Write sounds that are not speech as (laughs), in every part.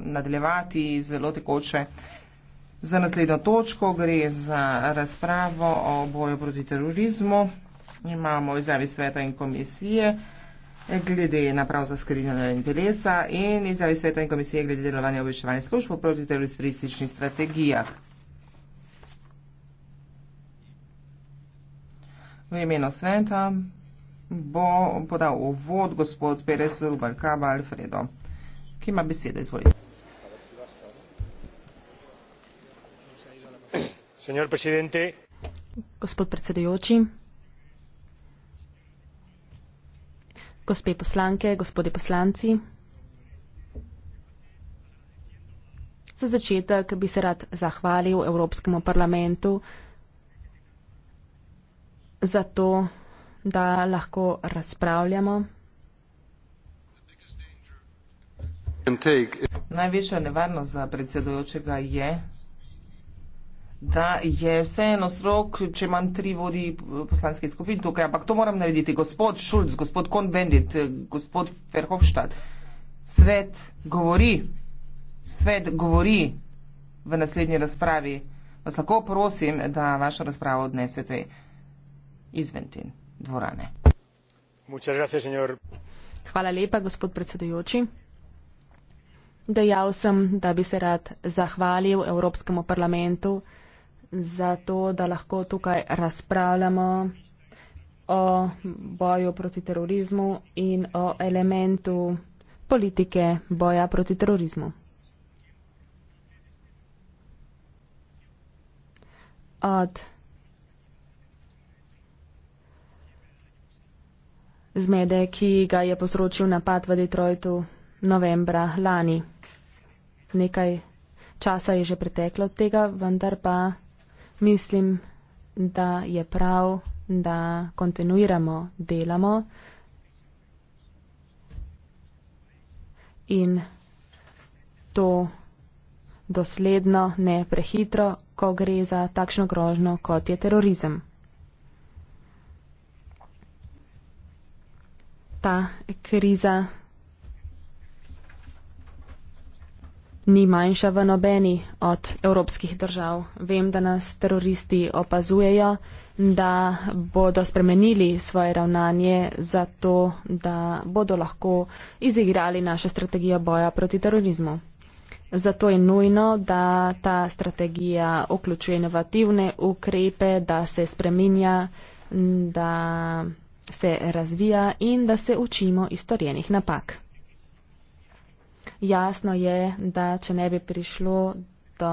nadaljevati zelo tekoče. Za naslednjo točko gre za razpravo o boju proti terorizmu. Imamo izjavi sveta in komisije glede naprav za skrinjanje interesa in izjavi sveta in komisije glede delovanja obveščevalnih služb proti terorističnih strategijah. V imenu sveta bo podal uvod gospod Perez Rubal Kaba Alfredo ki ima besedo. Izvolite. Señor presidente. Gospod predsedujoči. Gospe poslanke, gospodje poslanci. Za začetek bi se rad zahvalil Evropskemu parlamentu za to, da lahko razpravljamo. Največja nevarnost za predsedujočega je, da je vseeno strok, če imam tri vodi poslanskih skupin tukaj, ampak to moram narediti. Gospod Šulc, gospod Kohn-Bendit, gospod Verhofstadt, svet govori, svet govori v naslednji razpravi. Vas lahko prosim, da vašo razpravo odnesete izven te dvorane. Hvala lepa, gospod predsedujoči. Dejal sem, da bi se rad zahvalil Evropskemu parlamentu za to, da lahko tukaj razpravljamo o boju proti terorizmu in o elementu politike boja proti terorizmu. Od zmede, ki ga je posročil napad v Detroitu novembra lani nekaj časa je že preteklo od tega, vendar pa mislim, da je prav, da kontinuiramo, delamo in to dosledno, ne prehitro, ko gre za takšno grožno, kot je terorizem. Ta kriza ni manjša v nobeni od evropskih držav. Vem, da nas teroristi opazujejo, da bodo spremenili svoje ravnanje zato, da bodo lahko izigrali našo strategijo boja proti terorizmu. Zato je nujno, da ta strategija vključuje inovativne ukrepe, da se spreminja, da se razvija in da se učimo iz storjenih napak jasno je, da če ne bi prišlo do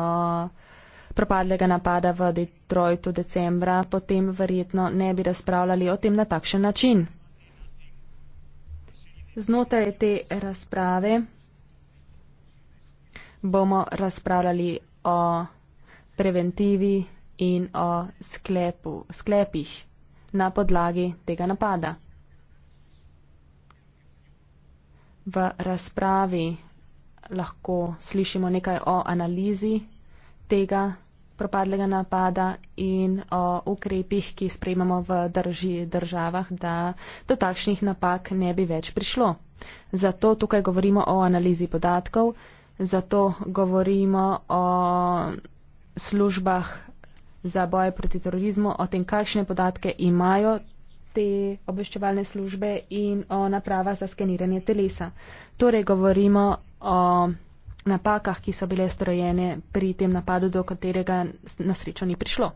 propadlega napada v Detroitu decembra, potem verjetno ne bi razpravljali o tem na takšen način. Znotraj te razprave bomo razpravljali o preventivi in o sklepu, sklepih na podlagi tega napada. V razpravi lahko slišimo nekaj o analizi tega propadlega napada in o ukrepih, ki sprejmemo v drži državah, da do takšnih napak ne bi več prišlo. Zato tukaj govorimo o analizi podatkov, zato govorimo o službah za boje proti terorizmu, o tem, kakšne podatke imajo te obveščevalne službe in o napravah za skeniranje telesa. Torej govorimo o napakah, ki so bile strojene pri tem napadu, do katerega na srečo ni prišlo.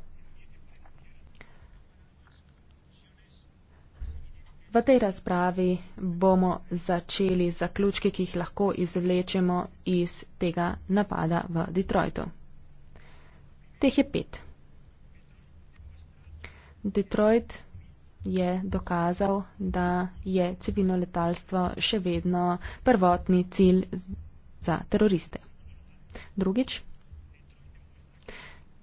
V tej razpravi bomo začeli zaključke, ki jih lahko izvlečemo iz tega napada v Detroitu. Teh je pet. Detroit je dokazal, da je civilno letalstvo še vedno prvotni cilj za teroriste. Drugič,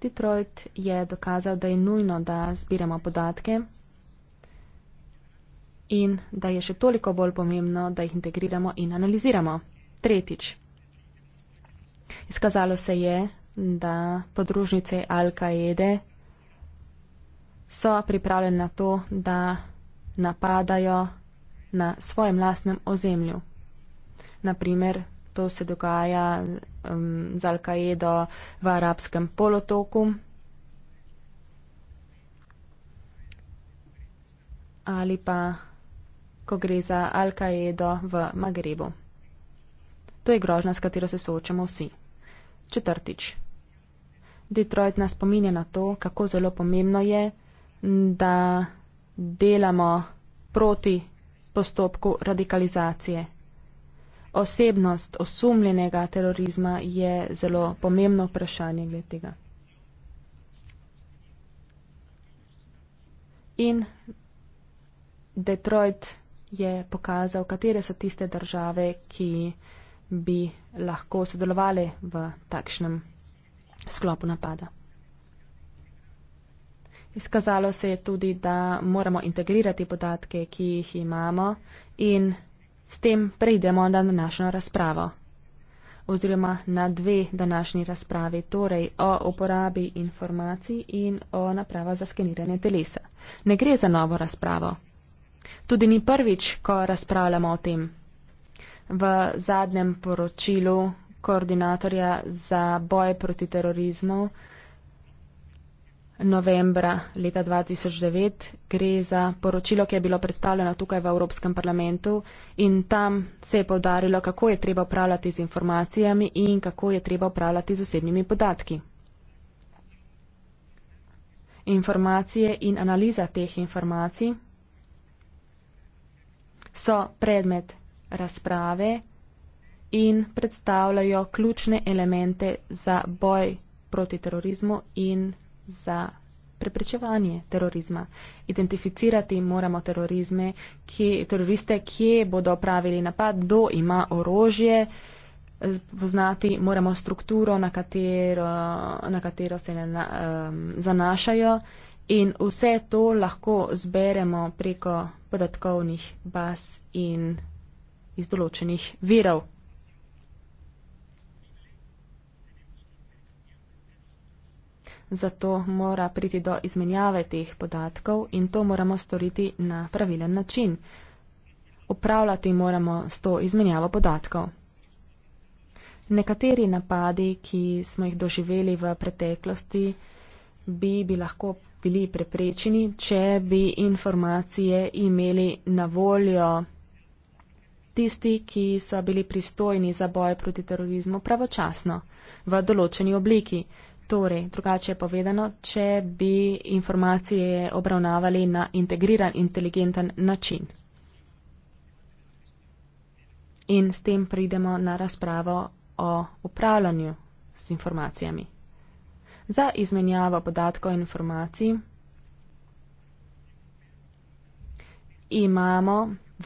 Detroit je dokazal, da je nujno, da zbiramo podatke in da je še toliko bolj pomembno, da jih integriramo in analiziramo. Tretjič, izkazalo se je, da podružnice Al-Kaide so pripravljeni na to, da napadajo na svojem lastnem ozemlju. Naprimer, to se dogaja um, z Al-Kaedo v arabskem polotoku ali pa, ko gre za Al-Kaedo v Magrebu. To je grožna, s katero se soočamo vsi. Četrtič. Detroit nas spominja na to, kako zelo pomembno je, da delamo proti postopku radikalizacije. Osebnost osumljenega terorizma je zelo pomembno vprašanje glede tega. In Detroit je pokazal, katere so tiste države, ki bi lahko sodelovali v takšnem sklopu napada. Izkazalo se je tudi, da moramo integrirati podatke, ki jih imamo in s tem preidemo na današnjo razpravo oziroma na dve današnji razpravi, torej o uporabi informacij in o naprava za skeniranje telesa. Ne gre za novo razpravo. Tudi ni prvič, ko razpravljamo o tem. V zadnjem poročilu koordinatorja za boje proti terorizmu novembra leta 2009. Gre za poročilo, ki je bilo predstavljeno tukaj v Evropskem parlamentu in tam se je povdarilo, kako je treba upravljati z informacijami in kako je treba upravljati z osebnimi podatki. Informacije in analiza teh informacij so predmet razprave in predstavljajo ključne elemente za boj proti terorizmu in za preprečevanje terorizma. Identificirati moramo terorizme, ki, teroriste, kje bodo pravili napad, kdo ima orožje, poznati moramo strukturo, na katero, na katero se na, um, zanašajo in vse to lahko zberemo preko podatkovnih baz in iz določenih virov. zato mora priti do izmenjave teh podatkov in to moramo storiti na pravilen način. Upravljati moramo s to izmenjavo podatkov. Nekateri napadi, ki smo jih doživeli v preteklosti, bi, bi lahko bili preprečeni, če bi informacije imeli na voljo tisti, ki so bili pristojni za boj proti terorizmu pravočasno, v določeni obliki. Torej, drugače povedano, če bi informacije obravnavali na integriran, inteligenten način. In s tem pridemo na razpravo o upravljanju z informacijami. Za izmenjavo podatkov in informacij imamo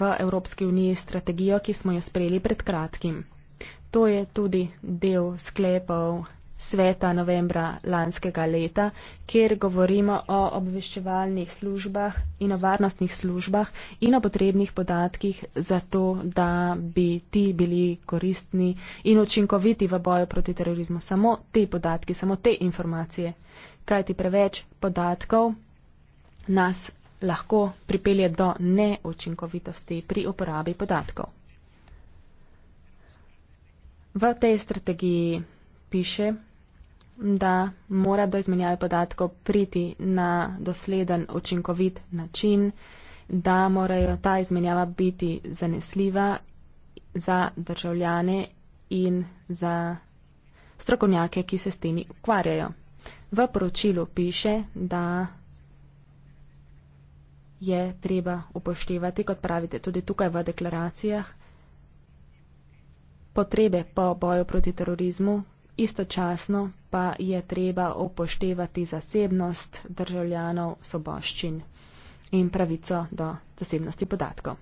v Evropski uniji strategijo, ki smo jo sprejeli pred kratkim. To je tudi del sklepov sveta novembra lanskega leta, kjer govorimo o obveščevalnih službah in o varnostnih službah in o potrebnih podatkih za to, da bi ti bili koristni in učinkoviti v boju proti terorizmu. Samo te podatki, samo te informacije, kajti preveč podatkov nas lahko pripelje do neučinkovitosti pri uporabi podatkov. V tej strategiji piše, da mora do izmenjave podatkov priti na dosleden, učinkovit način, da morajo ta izmenjava biti zanesljiva za državljane in za strokovnjake, ki se s temi ukvarjajo. V poročilu piše, da je treba upoštevati, kot pravite tudi tukaj v deklaracijah, potrebe po boju proti terorizmu, istočasno pa je treba upoštevati zasebnost državljanov soboščin in pravico do zasebnosti podatkov.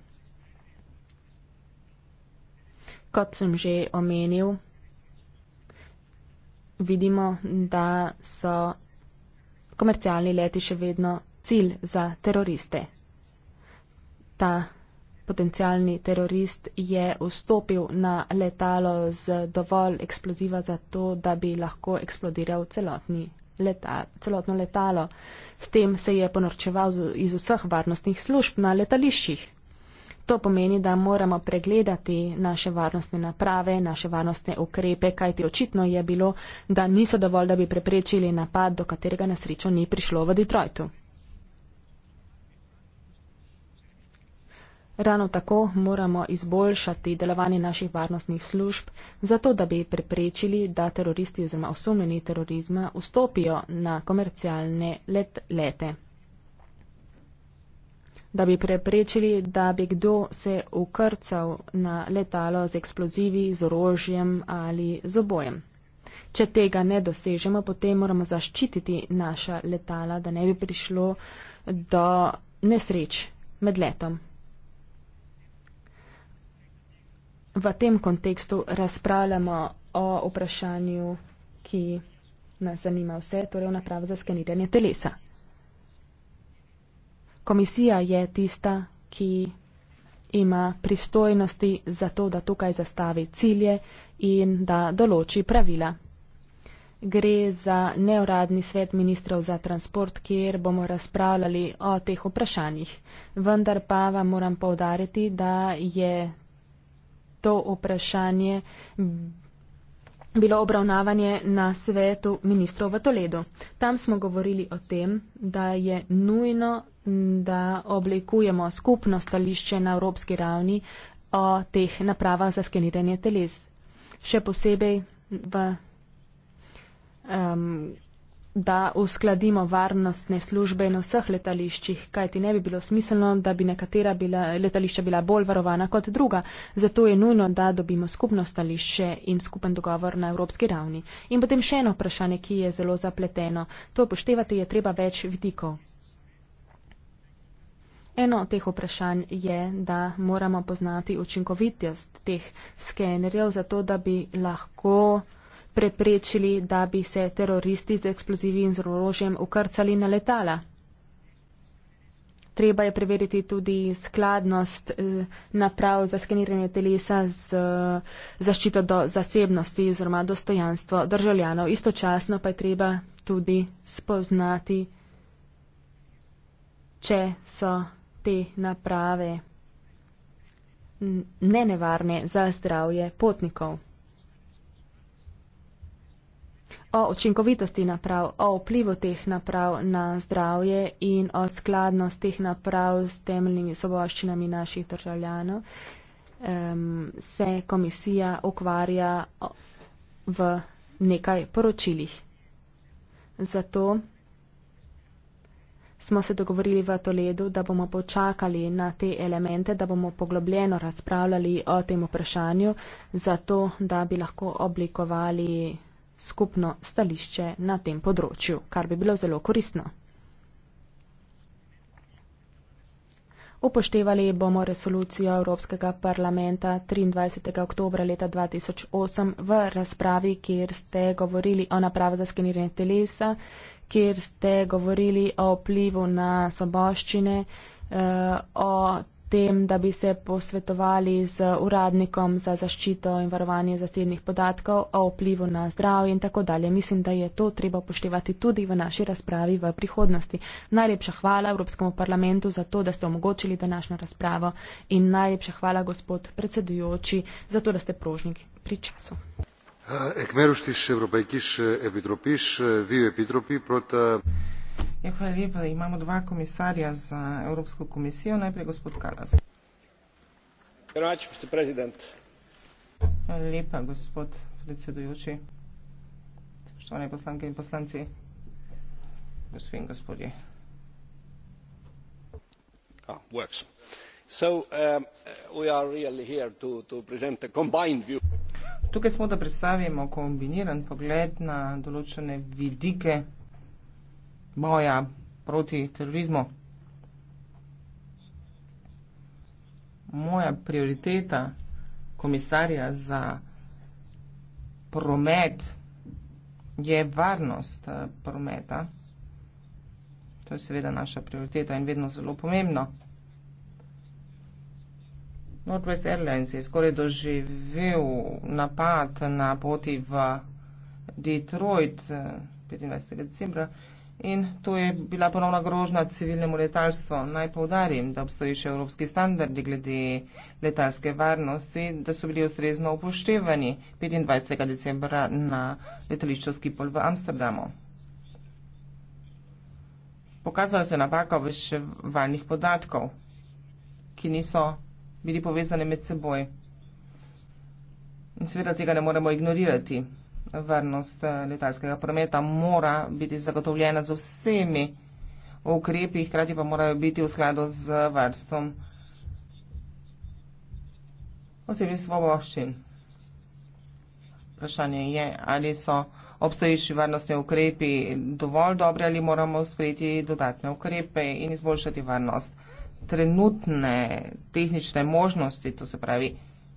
Kot sem že omenil, vidimo, da so komercialni leti še vedno cilj za teroriste. Ta potencialni terorist je vstopil na letalo z dovolj eksploziva za to, da bi lahko eksplodiral celotni. Leta, celotno letalo. S tem se je ponorčeval iz vseh varnostnih služb na letališčih. To pomeni, da moramo pregledati naše varnostne naprave, naše varnostne ukrepe, kajti očitno je bilo, da niso dovolj, da bi preprečili napad, do katerega nasrečo ni prišlo v Detroitu. Ravno tako moramo izboljšati delovanje naših varnostnih služb, zato da bi preprečili, da teroristi oziroma osumljeni terorizma vstopijo na komercialne let lete. Da bi preprečili, da bi kdo se ukrcal na letalo z eksplozivi, z orožjem ali z obojem. Če tega ne dosežemo, potem moramo zaščititi naša letala, da ne bi prišlo do nesreč med letom. v tem kontekstu razpravljamo o vprašanju, ki nas zanima vse, torej o napravi za skeniranje telesa. Komisija je tista, ki ima pristojnosti za to, da tukaj zastavi cilje in da določi pravila. Gre za neuradni svet ministrov za transport, kjer bomo razpravljali o teh vprašanjih. Vendar pa vam moram povdariti, da je to vprašanje bilo obravnavanje na svetu ministrov v Toledu. Tam smo govorili o tem, da je nujno, da oblikujemo skupno stališče na evropski ravni o teh napravah za skeniranje teles. Še posebej v um, da uskladimo varnostne službe na vseh letališčih, kajti ne bi bilo smiselno, da bi nekatera bila, letališča bila bolj varovana kot druga. Zato je nujno, da dobimo skupno stališče in skupen dogovor na evropski ravni. In potem še eno vprašanje, ki je zelo zapleteno. To upoštevati je treba več vidikov. Eno od teh vprašanj je, da moramo poznati učinkovitost teh skenerjev, zato da bi lahko preprečili, da bi se teroristi z eksplozivi in z orožjem ukrcali na letala. Treba je preveriti tudi skladnost eh, naprav za skeniranje telesa z eh, zaščito do zasebnosti oziroma dostojanstvo državljanov. Istočasno pa je treba tudi spoznati, če so te naprave nenevarne za zdravje potnikov o učinkovitosti naprav, o vplivu teh naprav na zdravje in o skladnosti teh naprav s temeljnimi soboščinami naših državljanov, um, se komisija ukvarja v nekaj poročilih. Zato smo se dogovorili v Toledu, da bomo počakali na te elemente, da bomo poglobljeno razpravljali o tem vprašanju, zato da bi lahko oblikovali skupno stališče na tem področju, kar bi bilo zelo koristno. Upoštevali bomo resolucijo Evropskega parlamenta 23. oktobra leta 2008 v razpravi, kjer ste govorili o napravi za skeniranje telesa, kjer ste govorili o vplivu na soboščine, eh, o tem, da bi se posvetovali z uradnikom za zaščito in varovanje zasebnih podatkov o vplivu na zdravje in tako dalje. Mislim, da je to treba upoštevati tudi v naši razpravi v prihodnosti. Najlepša hvala Evropskemu parlamentu za to, da ste omogočili današnjo razpravo in najlepša hvala gospod predsedujoči za to, da ste prožnik pri času. Ekmeruštiš, Evropejkiš, Epitropiš, Viv Epitropi, prota. Ja, hvala lepa. Imamo dva komisarja za Evropsko komisijo. Najprej gospod Kalas. Hrvač, gospod prezident. Hvala lepa, gospod predsedujoči. Spoštovane poslanke in poslanci, gospod in gospodje. Ah, works. So, um, we are really here to, to present a combined view. Tukaj smo, da predstavimo kombiniran pogled na določene vidike boja proti terorizmu. Moja prioriteta komisarja za promet je varnost eh, prometa. To je seveda naša prioriteta in vedno zelo pomembno. Northwest Airlines je skoraj doživel napad na poti v Detroit 25. Eh, decembra in to je bila ponovna grožnja civilnemu letalstvu. Naj povdarim, da obstoji še evropski standardi glede letalske varnosti, da so bili ustrezno upoštevani 25. decembra na letališču Skipol v Amsterdamu. Pokazala se je napaka v obveščevalnih podatkov, ki niso bili povezani med seboj. In seveda tega ne moremo ignorirati varnost eh, letalskega prometa mora biti zagotovljena z vsemi ukrepi, hkrati pa morajo biti v skladu z varstvom osebnih svoboščin. Vprašanje je, ali so obstoječi varnostni ukrepi dovolj dobri ali moramo sprejeti dodatne ukrepe in izboljšati varnost. Trenutne tehnične možnosti, to se pravi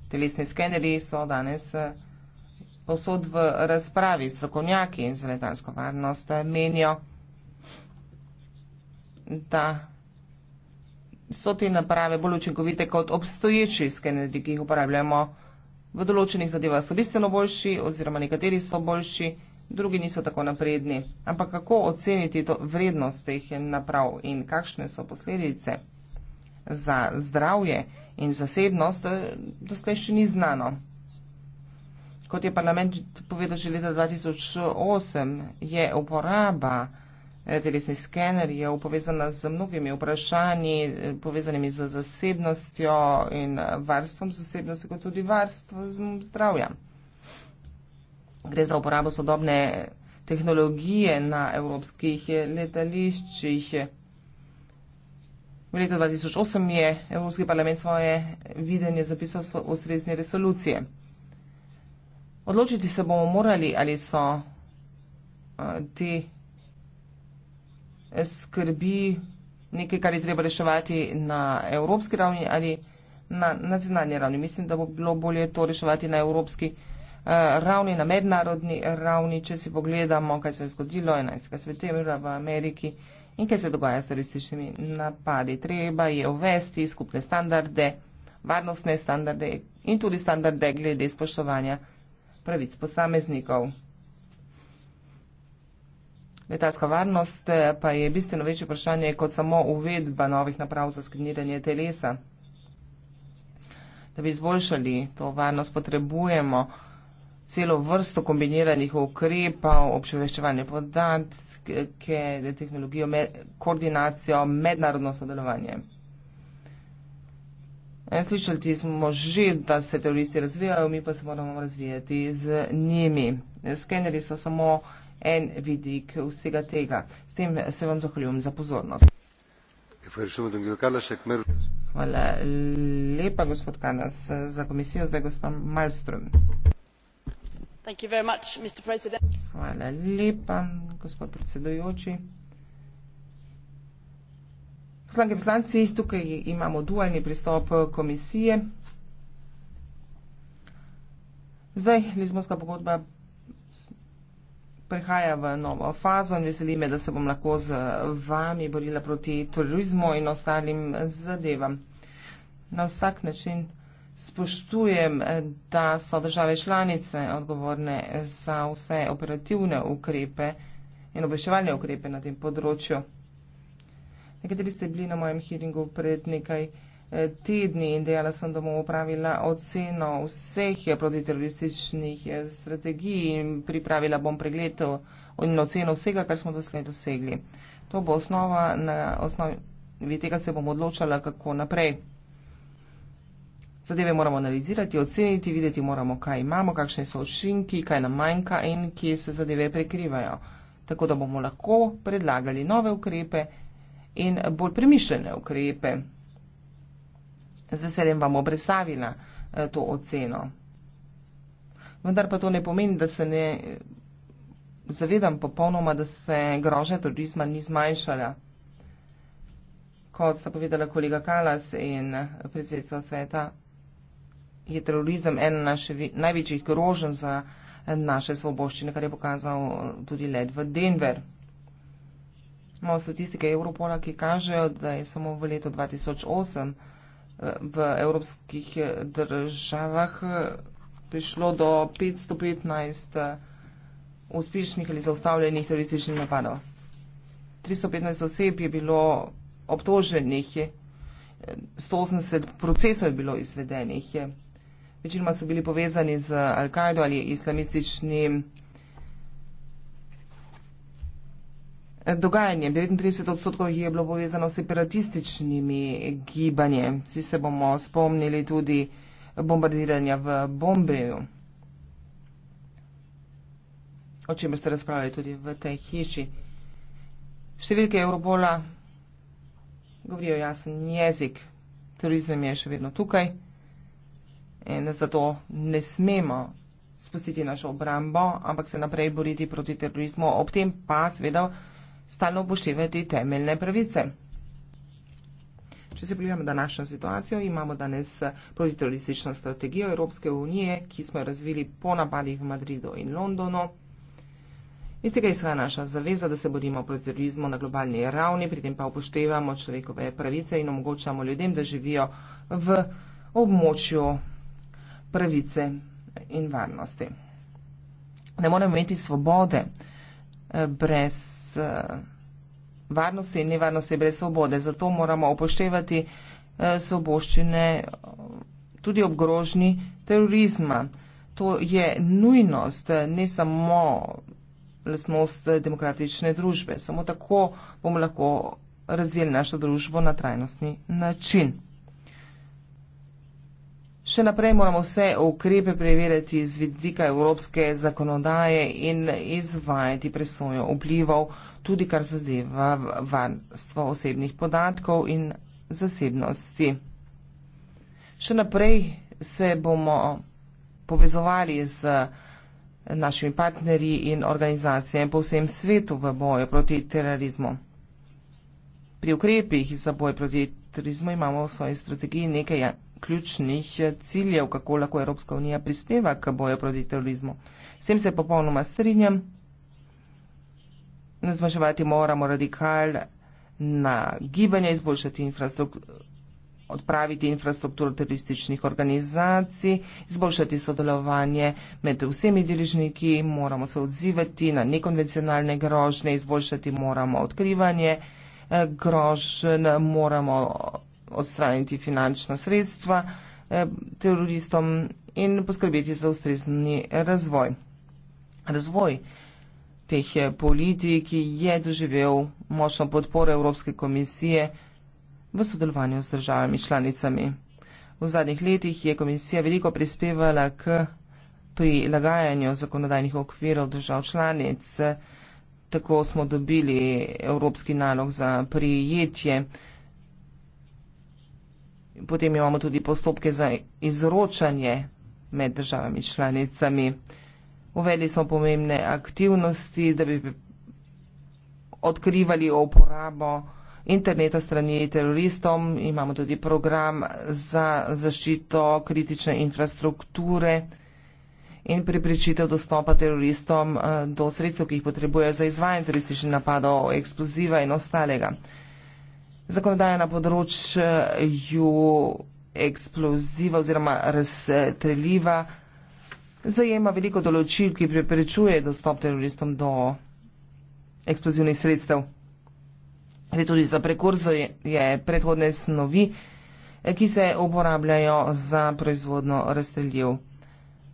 telesni skeneri, so danes. Uh, Povsod v razpravi strokovnjaki za letalsko varnost menijo, da so te naprave bolj učinkovite kot obstoječi skeneri, ki jih uporabljamo. V določenih zadevah so bistveno boljši oziroma nekateri so boljši, drugi niso tako napredni. Ampak kako oceniti to vrednost teh naprav in kakšne so posledice za zdravje in zasebnost, doslej še ni znano kot je parlament povedal že leta 2008, je uporaba eh, telesnih skenerjev povezana z mnogimi vprašanji, eh, povezanimi z zasebnostjo in varstvom zasebnosti, kot tudi varstvom zdravja. Gre za uporabo sodobne tehnologije na evropskih eh, letališčih. V letu 2008 je Evropski parlament svoje videnje zapisal v ustrezni resolucije. Odločiti se bomo morali, ali so eh, te skrbi nekaj, kar je treba reševati na evropski ravni ali na nacionalni ravni. Mislim, da bo bilo bolje to reševati na evropski eh, ravni, na mednarodni ravni, če si pogledamo, kaj se je zgodilo 11. septembra v Ameriki in kaj se dogaja s terorističnimi napadi. Treba je uvesti skupne standarde, varnostne standarde in tudi standarde glede spoštovanja pravic posameznikov. Letalska varnost eh, pa je bistveno večje vprašanje kot samo uvedba novih naprav za skliniranje telesa. Da bi izboljšali to varnost, potrebujemo celo vrsto kombiniranih ukrepov, obšveščevanje podatke, tehnologijo, koordinacijo, mednarodno sodelovanje. En eh, slišali smo že, da se teroristi razvijajo, mi pa se moramo razvijati z njimi. Eh, Skenerji so samo en vidik vsega tega. S tem se vam zahvaljujem za pozornost. Hvala lepa, gospod Kanas, za komisijo. Zdaj gospod Malmström. Hvala lepa, gospod predsedujoči. Poslanke poslanci, tukaj imamo dualni pristop eh, komisije. Zdaj, Lizbonska pogodba prehaja v novo fazo in veseli me, da se bom lahko z vami borila proti turizmu in ostalim zadevam. Na vsak način spoštujem, eh, da so države članice odgovorne za vse operativne ukrepe in obveščevalne ukrepe na tem področju. Nekateri ste bili na mojem hearingu pred nekaj eh, tedni in dejala sem, da bom upravila oceno vseh eh, protiterorističnih eh, strategij in pripravila bom pregled in oceno vsega, kar smo doslej dosegli. To bo osnova, na osnovi tega se bom odločala, kako naprej. Zadeve moramo analizirati, oceniti, videti moramo, kaj imamo, kakšne so učinki, kaj nam manjka in kje se zadeve prekrivajo, tako da bomo lahko predlagali nove ukrepe in bolj premišljene ukrepe. Z veseljem vam obresavila eh, to oceno. Vendar pa to ne pomeni, da se ne eh, zavedam popolnoma, da se grožnja turizma ni zmanjšala. Kot sta povedala kolega Kalas in eh, predsedstvo sveta, je terorizem ena naših največjih groženj za naše svoboščine, kar je pokazal tudi led v Denveru smo statistike Europola, ki kažejo, da je samo v letu 2008 eh, v evropskih eh, državah eh, prišlo do 515 uspešnih ali zaustavljenih terorističnih napadov. 315 oseb je bilo obtoženih, 180 procesov je bilo izvedenih. Večinoma so bili povezani z Al-Kaido ali islamističnim dogajanjem. 39 odstotkov je bilo povezano s separatističnimi gibanjem. Vsi se bomo spomnili tudi bombardiranja v Bombeju, o čem ste razpravljali tudi v tej hiši. Številke Europola govorijo jasen jezik. Turizem je še vedno tukaj in zato ne smemo spustiti našo obrambo, ampak se naprej boriti proti terorizmu. Ob tem pa seveda stalno upoštevati temeljne pravice. Če se pogledamo današnjo situacijo, imamo danes protiteroristično strategijo Evropske unije, ki smo jo razvili po napadih v Madridu in Londonu. Iz tega izhaja naša zaveza, da se borimo proti terorizmu na globalni ravni, pri tem pa upoštevamo človekove pravice in omogočamo ljudem, da živijo v območju pravice in varnosti. Ne moremo imeti svobode brez eh, varnosti in nevarnosti brez svobode. Zato moramo upoštevati eh, svoboščine tudi ob grožnji terorizma. To je nujnost, ne samo lesnost demokratične družbe. Samo tako bomo lahko razvijali našo družbo na trajnostni način. Še naprej moramo vse ukrepe preverjati z vidika evropske zakonodaje in izvajati presojo vplivov, tudi kar zadeva varstvo osebnih podatkov in zasebnosti. Še naprej se bomo povezovali z našimi partnerji in organizacijami po vsem svetu v boju proti terorizmu. Pri ukrepih za boj proti terorizmu imamo v svoji strategiji nekaj ključnih ciljev, kako lahko Evropska unija prispeva k boju proti terorizmu. S tem se popolnoma strinjam. Zmaševati moramo radikal na gibanje, izboljšati infrastruktur, odpraviti infrastrukturo terorističnih organizacij, izboljšati sodelovanje med vsemi deležniki, moramo se odzivati na nekonvencionalne grožnje, izboljšati moramo odkrivanje eh, grožnje, moramo odstraniti finančna sredstva eh, teroristom in poskrbeti za ustrezni razvoj. Razvoj teh eh, politik je doživel močno podporo Evropske komisije v sodelovanju z državami članicami. V zadnjih letih je komisija veliko prispevala k prilagajanju zakonodajnih okvirov držav članic. Tako smo dobili evropski nalog za prijetje Potem imamo tudi postopke za izročanje med državami članicami. Uvedli smo pomembne aktivnosti, da bi odkrivali uporabo interneta strani teroristom. Imamo tudi program za zaščito kritične infrastrukture in pripričitev dostopa teroristom eh, do sredstev, ki jih potrebujejo za izvajanje terorističnih napadov, eksploziva in ostalega zakonodaja na področju eksploziva oziroma razstreljiva zajema veliko določil, ki preprečuje dostop teroristom do eksplozivnih sredstev. Gre tudi za prekurzor je predhodne snovi, ki se uporabljajo za proizvodno razstreljiv.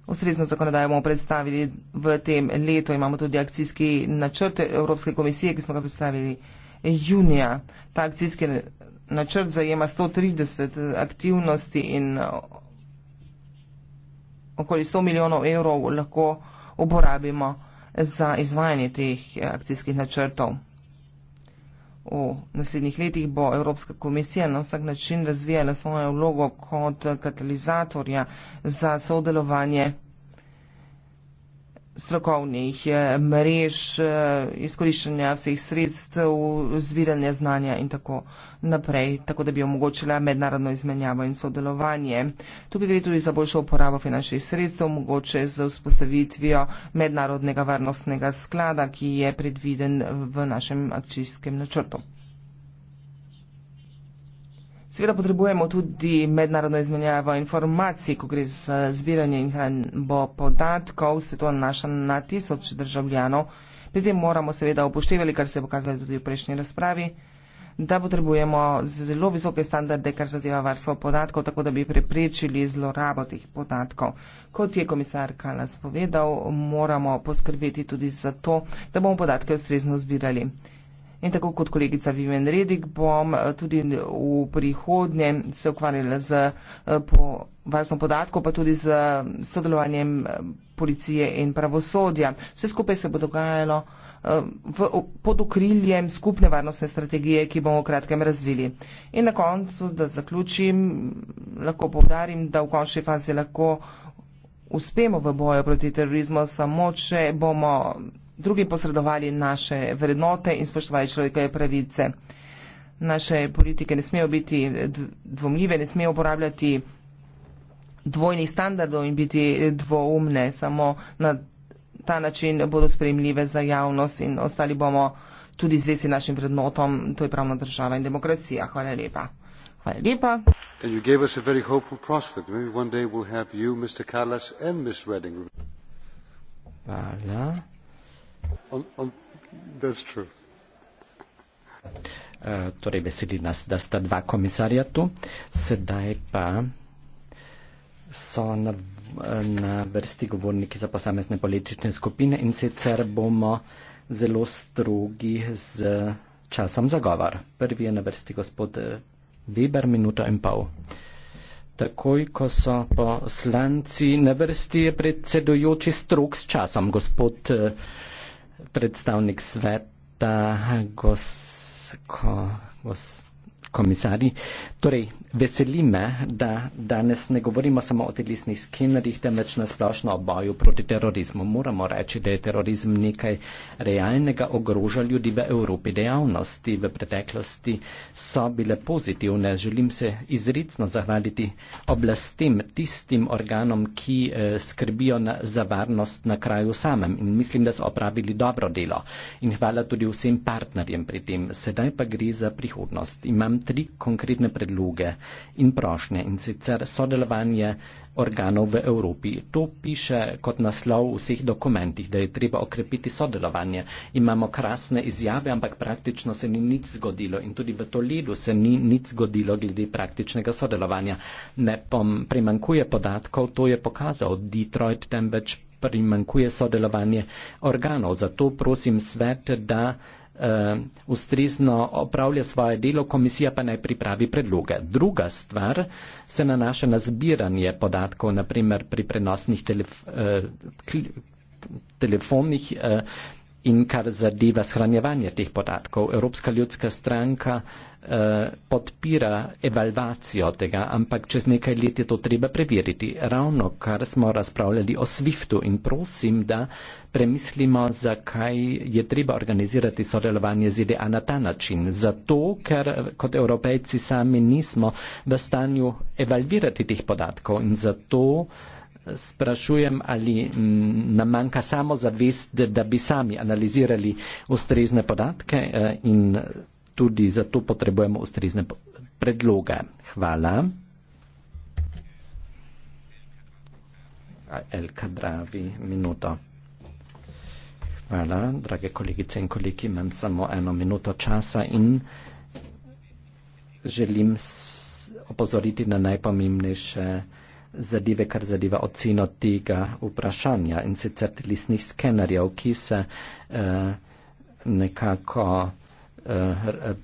Ustrezno zakonodajo bomo predstavili v tem letu. Imamo tudi akcijski načrt Evropske komisije, ki smo ga predstavili junija. Ta akcijski načrt zajema 130 aktivnosti in eh, okoli 100 milijonov evrov lahko uporabimo za izvajanje teh eh, akcijskih načrtov. V naslednjih letih bo Evropska komisija na vsak način razvijala svojo vlogo kot katalizatorja za sodelovanje strokovnih eh, mrež, eh, izkoriščanja vseh sredstev, zbiranja znanja in tako naprej, tako da bi omogočila mednarodno izmenjavo in sodelovanje. Tukaj gre tudi za boljšo uporabo finančnih sredstev, mogoče z vzpostavitvijo mednarodnega varnostnega sklada, ki je predviden v našem akcijskem načrtu. Seveda potrebujemo tudi mednarodno izmenjavo informacij, ko gre za zbiranje in hranbo podatkov, se to nanaša na tisoč državljanov. Pri tem moramo seveda upoštevali, kar se je pokazalo tudi v prejšnji razpravi, da potrebujemo zelo visoke standarde, kar zadeva varstvo podatkov, tako da bi preprečili zlorabo teh podatkov. Kot je komisar Kalas povedal, moramo poskrbeti tudi za to, da bomo podatke ustrezno zbirali. In tako kot kolegica Viven Redik bom eh, tudi v prihodnje se ukvarjala z eh, po varstvom podatkov, pa tudi z eh, sodelovanjem policije in pravosodja. Vse skupaj se bo dogajalo v, pod okriljem skupne varnostne strategije, ki bomo v kratkem razvili. In na koncu, da zaključim, lahko povdarim, da v končni fazi lahko uspemo v boju proti terorizmu, samo če bomo drugi posredovali naše vrednote in spoštovali človekove pravice. Naše politike ne smejo biti dvomljive, ne smejo uporabljati dvojnih standardov in biti dvoumne, samo na ta način bodo sprejemljive za javnost in ostali bomo tudi zvesti našim vrednotom, to je pravna država in demokracija. Hvala lepa. Hvala lepa. And you gave us a very hopeful prospect. Maybe one day we'll have you, Mr. Callas, and Ms. Redding. Hvala. Voilà. E, torej, veseli nas, da sta dva komisarja tu. Sedaj pa so na, na vrsti govorniki za posamezne politične skupine in sicer bomo zelo strogi z časom za govor. Prvi je na vrsti gospod Weber, minuto in pol. Takoj, ko so poslanci na vrsti, je predsedujoči strok s časom, gospod. Uh, predstavnik sveta, gos, ko, gos, komisari. Torej, veseli me, da danes ne govorimo samo o telesnih skenerjih, temveč na splošno o boju proti terorizmu. Moramo reči, da je terorizem nekaj realnega, ogroža ljudi v Evropi dejavnosti. V preteklosti so bile pozitivne. Želim se izredno zahvaliti oblastem, tistim organom, ki eh, skrbijo na, za varnost na kraju samem. In mislim, da so opravili dobro delo. In hvala tudi vsem partnerjem pri tem. Sedaj pa gre za prihodnost. Imam tri konkretne predloge in prošnje in sicer sodelovanje organov v Evropi. To piše kot naslov v vseh dokumentih, da je treba okrepiti sodelovanje. Imamo krasne izjave, ampak praktično se ni nič zgodilo in tudi v Toledu se ni nič zgodilo glede praktičnega sodelovanja. Ne pom, premankuje podatkov, to je pokazal Detroit, temveč primankuje sodelovanje organov. Zato prosim svet, da uh, ustrezno opravlja svoje delo, komisija pa naj pripravi predloge. Druga stvar se nanaša na zbiranje podatkov, naprimer pri prenosnih eh, telefonih. Uh, in kar zadeva shranjevanje teh podatkov. Evropska ljudska stranka uh, Eh, podpira evalvacijo tega, ampak čez nekaj let je to treba preveriti. Ravno kar smo razpravljali o SWIFT-u in prosim, da premislimo, zakaj je treba organizirati sodelovanje ZDA na ta način. Zato, ker kot evropejci sami nismo v stanju evalvirati teh podatkov in zato sprašujem, ali nam manjka samo zavest, da bi sami analizirali ustrezne podatke eh, in tudi zato potrebujemo ustrezne predloge. Hvala. Elka Dravi, minuto. Hvala, drage kolegice in kolegi, imam samo eno minuto časa in želim opozoriti na najpomembnejše zadeve, kar zadeva oceno tega vprašanja in sicer listnih skenerjev, ki se eh, nekako Eh,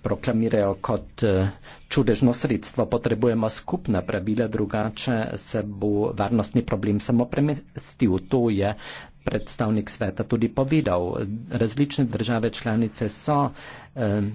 proklamirajo kot eh, čudežno sredstvo, potrebujemo skupna pravila, drugače se bo varnostni problem samo premestil. To je predstavnik sveta tudi povedal. Različne države članice so eh,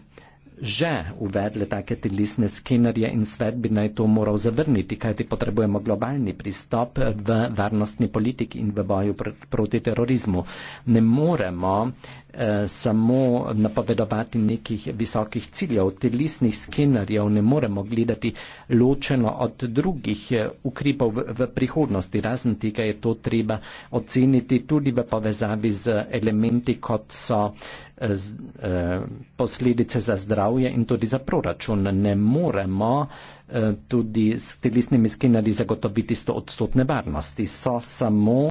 že uvedli take tilisne skenerje in svet bi naj to moral zavrniti, kajti potrebujemo globalni pristop v varnostni politiki in v boju pr proti terorizmu. Ne moremo eh, samo napovedovati nekih visokih ciljev. Tilisnih skenerjev ne moremo gledati ločeno od drugih eh, ukrepov v, v prihodnosti. Razen tega je to treba oceniti tudi v povezavi z elementi, kot so eh, z, eh, posledice za zdravje in tudi za proračun. Ne moremo eh, tudi s telesnimi skinerji zagotoviti 100-odstotne varnosti. So samo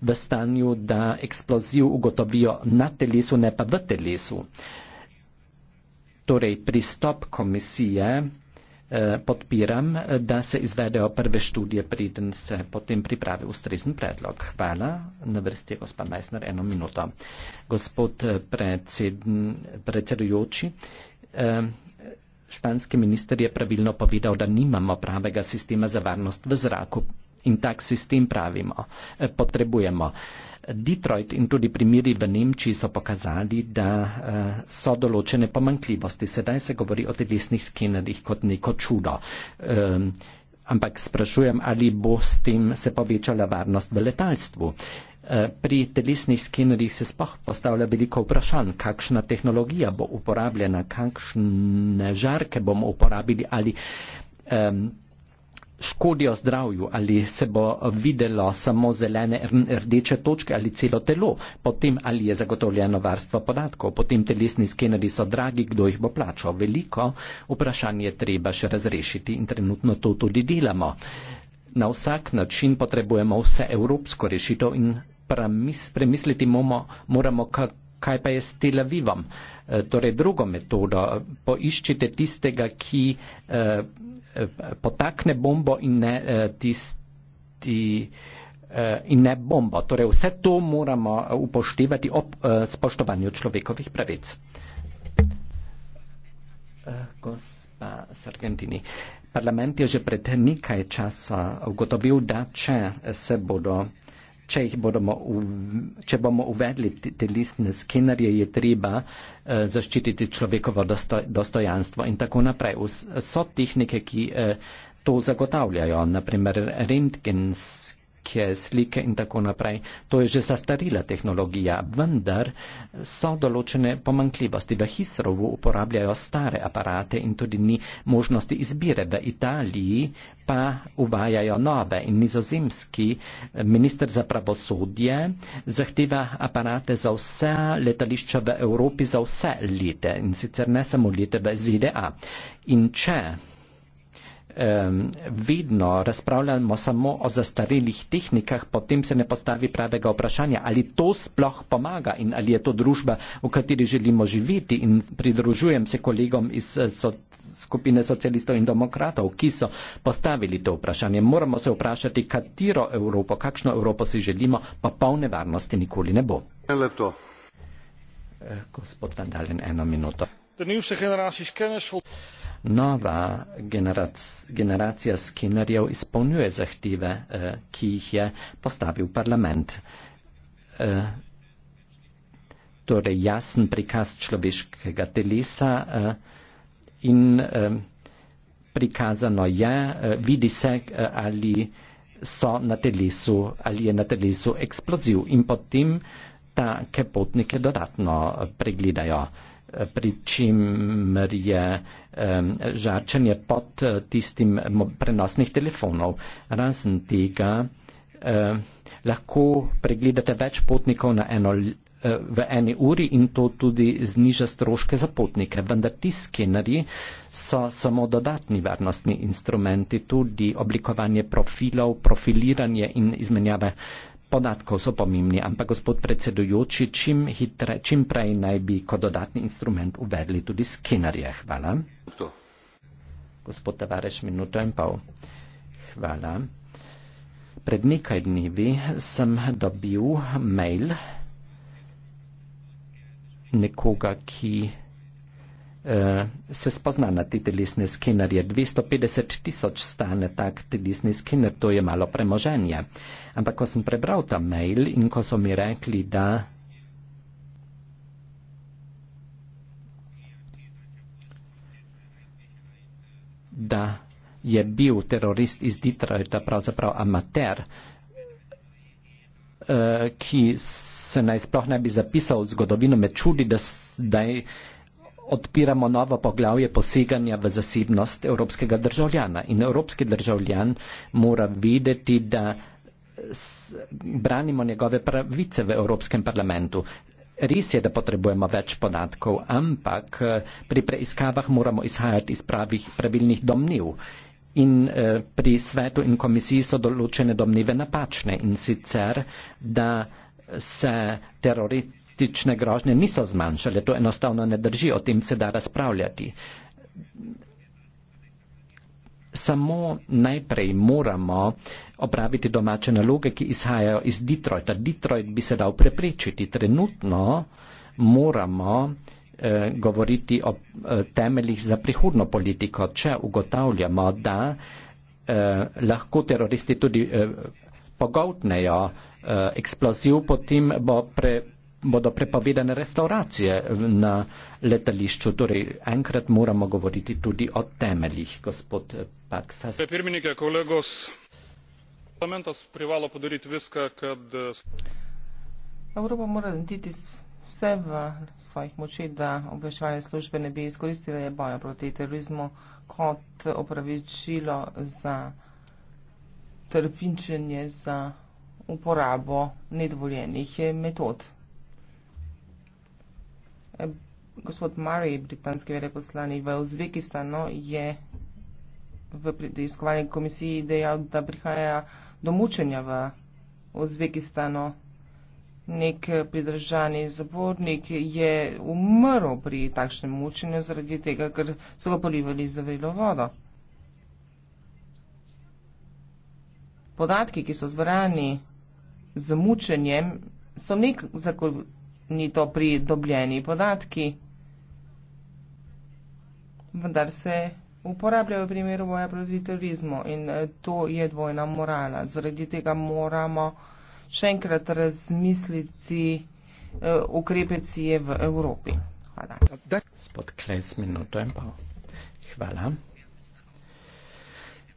v stanju, da eksploziv ugotovijo na telesu, ne pa v telesu. Torej, pristop komisije Eh, podpiram, eh, da se izvedejo prve študije, preden se potem pripravi ustrezen predlog. Hvala. Na vrsti je gospod Meissner, eno minuto. Gospod eh, predsedn, predsedujoči, španski minister je pravilno povedal, da nimamo pravega sistema za varnost v zraku. In tak sistem pravimo, potrebujemo. Detroit in tudi primiri v Nemčiji so pokazali, da eh, so določene pomankljivosti. Sedaj se govori o telesnih skenerjih kot neko čudo. Um, ampak sprašujem, ali bo s tem se povečala varnost v letalstvu. Eh, pri telesnih skenerjih se spoh postavlja veliko vprašanj, kakšna tehnologija bo uporabljena, kakšne žarke bomo uporabili ali um, škodijo zdravju, ali se bo videlo samo zelene rdeče točke ali celo telo, potem ali je zagotovljeno varstvo podatkov, potem telesni skeneri so dragi, kdo jih bo plačal. Veliko vprašanj je treba še razrešiti in trenutno to tudi delamo. Na vsak način potrebujemo vse evropsko rešitev in pramis, premisliti momo, moramo, kako. Kaj pa je s Tel Avivom? E, torej, drugo metodo, poiščite tistega, ki. E, potakne bombo in ne eh, tisti eh, in ne bombo. Torej vse to moramo upoštevati ob eh, spoštovanju človekovih pravic. Gospa Sargentini, parlament je že pred nekaj časa ugotovil, da če se bodo če, bodemo, če bomo uvedli te, te listne skenerje, je treba eh, zaščititi človekovo dostoj, dostojanstvo in tako naprej. Vso tehnike, ki eh, to zagotavljajo, naprimer rentgenski fotografije, slike in tako naprej. To je že zastarila tehnologija, vendar so določene pomankljivosti. V Hisrovu uporabljajo stare aparate in tudi ni možnosti izbire. V Italiji pa uvajajo nove in nizozemski eh, minister za pravosodje zahteva aparate za vse letališča v Evropi, za vse lete in sicer ne samo lete v ZDA. In če um, vedno razpravljamo samo o zastarelih tehnikah, potem se ne postavi pravega vprašanja, ali to sploh pomaga in ali je to družba, v kateri želimo živeti. In pridružujem se kolegom iz eh, so, skupine socialistov in demokratov, ki so postavili to vprašanje. Moramo se vprašati, katero Evropo, kakšno Evropo si želimo, pa polne varnosti nikoli ne bo. Lepo. Eh, gospod Vandalen, eno minuto. De nieuwste generaties kennis voldoet nova generac, generacija skinnerjev izpolnjuje zahteve, eh, ki jih je postavil parlament. Eh, torej jasen prikaz človeškega telesa eh, in eh, prikazano je, eh, vidi se, eh, ali so na telesu, ali je na telesu eksploziv in potem ta kepotnike dodatno eh, pregledajo pri čemer je um, žarčenje pod eh, tistim prenosnih telefonov. Razen tega um, lahko pregledate več potnikov na eno, eh, v eni uri in to tudi zniža stroške za potnike. Vendar ti skeneri so samo dodatni varnostni instrumenti, tudi oblikovanje profilov, profiliranje in izmenjave podatkov so pomembni, ampak gospod predsedujoči, čim, hitre, čim prej naj bi kot dodatni instrument uvedli tudi skenerje. Hvala. To. Gospod Tavareš, minuto in pol. Hvala. Pred nekaj dnevi sem dobil mail nekoga, ki uh, se spozna na te telesne skenerje. 250 tisoč stane tak telesni skener, to je malo premoženje. Ampak ko sem prebral ta mail in ko so mi rekli, da. da je bil terorist iz Detroita, pravzaprav amater, eh, ki se najsploh ne bi zapisal v zgodovino, me čudi, da zdaj odpiramo novo poglavje poseganja v zasebnost evropskega državljana. In evropski državljan mora videti, da branimo njegove pravice v Evropskem parlamentu. Res je, da potrebujemo več podatkov, ampak eh, pri preiskavah moramo izhajati iz pravih pravilnih domnev. In eh, pri svetu in komisiji so določene domnive napačne in sicer, da se teroristi teroristične grožnje niso zmanjšale, to enostavno ne drži, o tem se da razpravljati. Samo najprej moramo opraviti domače naloge, ki izhajajo iz Detroita. Detroit bi se dal preprečiti. Trenutno moramo eh, govoriti o eh, temeljih za prihodno politiko, če ugotavljamo, da eh, lahko teroristi tudi eh, pogoltnejo eh, eksploziv, potem bo pre, bodo prepovedane restauracije na letališču. Torej, enkrat moramo govoriti tudi o temeljih, gospod Paksas. Eh, Evropa mora narediti vse v svojih moči, da obveščevalne službe ne bi izkoristile boja proti terorizmu kot opravičilo za trpinčenje, za uporabo nedovoljenih metod gospod Mari, britanski veleposlanik v Uzbekistanu, je v preiskovalni komisiji dejal, da prihaja do mučenja v Uzbekistanu. Nek pridržani zabornik je umrl pri takšnem mučenju zaradi tega, ker so ga polivali z vrilo vodo. Podatki, ki so zbrani z mučenjem, so nek zakon ni to pridobljeni podatki, vendar se uporabljajo v primeru boja proti terorizmu in eh, to je dvojna morala. Zaradi tega moramo še enkrat razmisliti eh, ukrepe CIE v Evropi. Hvala. Spod klec minuto in pol. Hvala.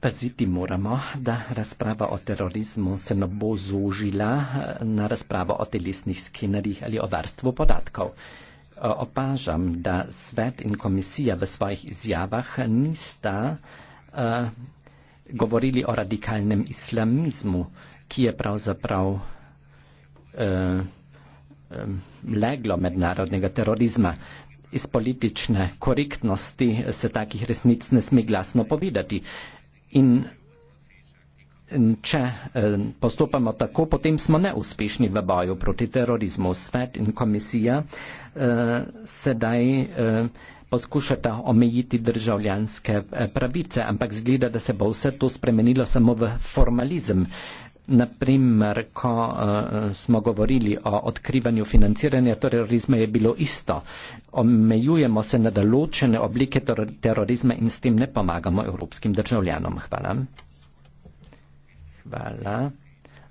Paziti moramo, da razprava o terorizmu se ne bo zožila eh, na razpravo o telesnih skenerjih ali o varstvu podatkov. Eh, opažam, da svet in komisija v svojih izjavah nista uh, govorili o radikalnem islamizmu, ki je pravzaprav uh, um, leglo mednarodnega terorizma. Iz politične korektnosti se takih resnic ne sme glasno povedati. Uh, In, in če eh, postopamo tako, potem smo neuspešni v boju proti terorizmu. Svet in komisija eh, sedaj eh, poskušata omejiti državljanske eh, pravice, ampak zgleda, da se bo vse to spremenilo samo v formalizem. Eh, naprimer, ko uh, smo govorili o odkrivanju financiranja terorizma, je bilo isto. Omejujemo se na določene oblike ter terorizma in s tem ne pomagamo evropskim državljanom. Hvala. Hvala.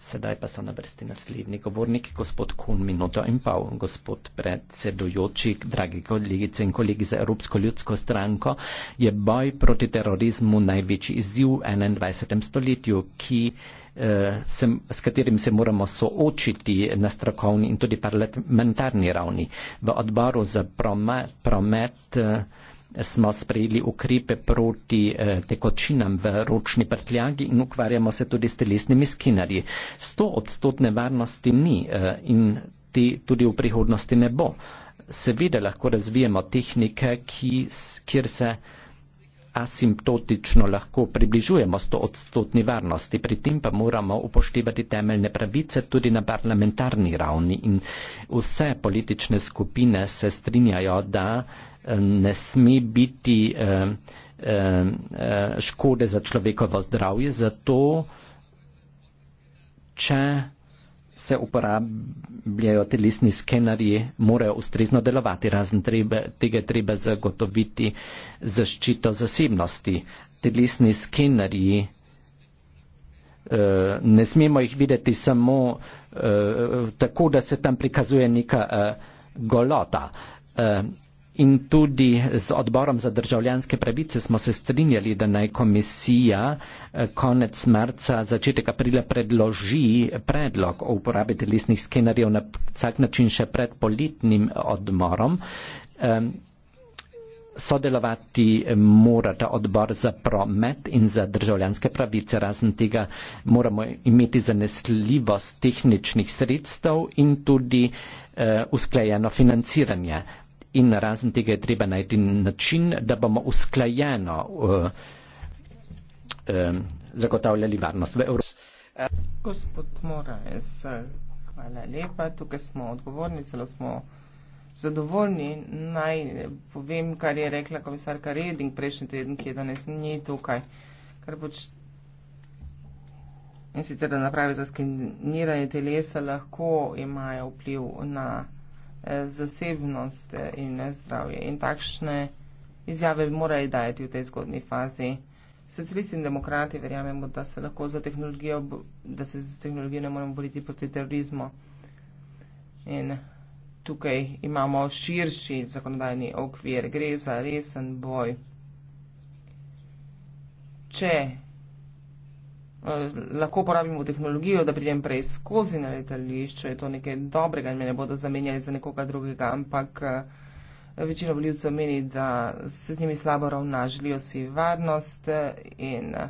Sedaj pa so na vrsti naslednji govornik, gospod Kun, minuto in pol. Gospod predsedujoči, dragi kolegice in kolegi za Evropsko ljudsko stranko, je boj proti terorizmu največji izziv v 21. stoletju, ki, eh, sem, s katerim se moramo soočiti na strokovni in tudi parlamentarni ravni. V odboru za promet. promet eh, smo sprejeli ukrepe proti eh, tekočinam v ročni prtljagi in ukvarjamo se tudi s telesnimi skinerji. Sto odstotne varnosti ni eh, in te tudi v prihodnosti ne bo. Seveda lahko razvijemo tehnike, ki, kjer se asimptotično lahko približujemo sto odstotni varnosti. Pri tem pa moramo upoštevati temeljne pravice tudi na parlamentarni ravni in vse politične skupine se strinjajo, da ne sme biti eh, eh, eh, škode za človekovo zdravje, zato če se uporabljajo te lisni skenerji, morajo ustrezno delovati, razen tega treba zagotoviti zaščito zasebnosti. Te lisni skenerji ne smemo jih videti samo tako, da se tam prikazuje neka golota. In tudi z odborom za državljanske pravice smo se strinjali, da naj komisija eh, konec marca, začetek aprila predloži predlog o uporabi telesnih skenerjev na vsak način še pred politnim odmorom. Sodelovati morata odbor za promet in za državljanske pravice, razen tega moramo imeti zanesljivost tehničnih sredstev in tudi eh, usklajeno financiranje in razen tega je treba najti način, da bomo usklajeno uh, um, zagotavljali varnost v Evropi. Gospod Morales, hvala lepa. Tukaj smo odgovorni, celo smo zadovoljni. Naj povem, kar je rekla komisarka Reding prejšnji teden, ki je danes ni tukaj. Kar boč... In sicer, da naprave za skeniranje telesa lahko imajo vpliv na zasebnost in zdravje. In takšne izjave bi morali dajati v tej zgodni fazi. Socialisti in demokrati verjamemo, da se lahko za tehnologijo, da se za tehnologijo ne moremo boriti proti terorizmu. In tukaj imamo širši zakonodajni okvir. Gre za resen boj. Če Eh, lahko uporabimo tehnologijo, da pridem prej skozi na letališče, je to nekaj dobrega in me ne bodo zamenjali za nekoga drugega, ampak eh, večina voljivcev meni, da se z njimi slabo ravna, želijo si varnost eh, in. Uh,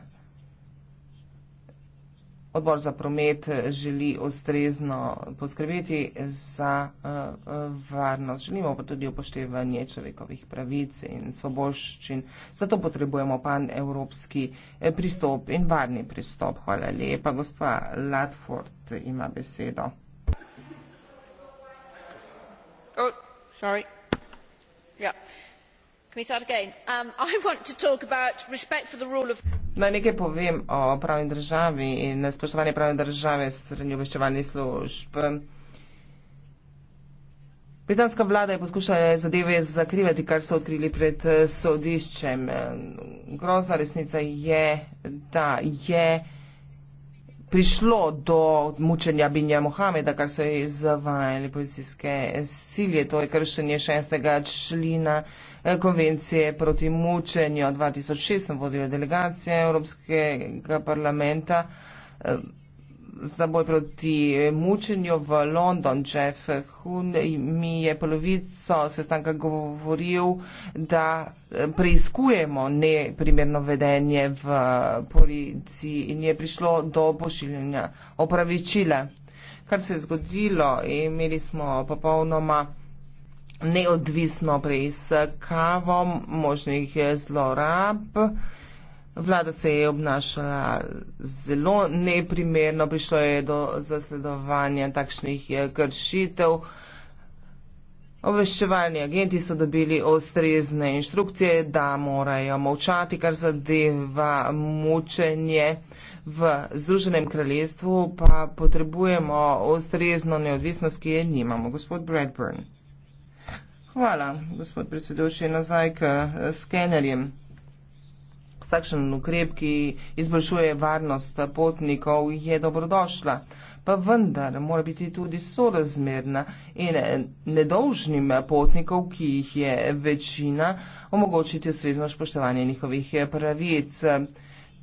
Odbor za promet želi ustrezno poskrbeti za uh, varnost. Želimo pa tudi upoštevanje človekovih pravic in svoboščin. Zato potrebujemo pan evropski eh, pristop in varni pristop. Hvala lepa. Gospa Latford ima besedo. Oh, sorry. Yeah. Ja. Um, (laughs) Naj nekaj povem o pravni državi in spoštovanju pravne države strani obveščevalnih služb. Britanska vlada je poskušala zadeve zakrivati, kar so odkrili pred eh, sodiščem. Grozna resnica je, da je prišlo do mučenja Binja Mohameda, kar so izvajali policijske silje. To je kršenje šestega člina Eh, konvencije proti mučenju. 2006 sem vodila delegacije Evropskega parlamenta eh, za boj proti mučenju v London. Jeff Hun mi je polovico sestanka govoril, da eh, preiskujemo neprimerno vedenje v policiji in je prišlo do pošiljanja opravičila. Kar se je zgodilo, imeli smo popolnoma neodvisno preiskavo možnih zlorab. Vlada se je obnašala zelo neprimerno, prišlo je do zasledovanja takšnih kršitev. Obveščevalni agenti so dobili ostrezne inštrukcije, da morajo molčati, kar zadeva mučenje. V Združenem kraljestvu pa potrebujemo ostrezno neodvisnost, ki je nimamo. Gospod Bradburn. Hvala, gospod predsedujoči. Nazaj k eh, skenerjem. Vsakšen ukrep, ki izboljšuje varnost eh, potnikov, je dobrodošla. Pa vendar mora biti tudi sorazmerna in eh, nedolžnim potnikov, ki jih je večina, omogočiti ustrezno spoštovanje njihovih pravic.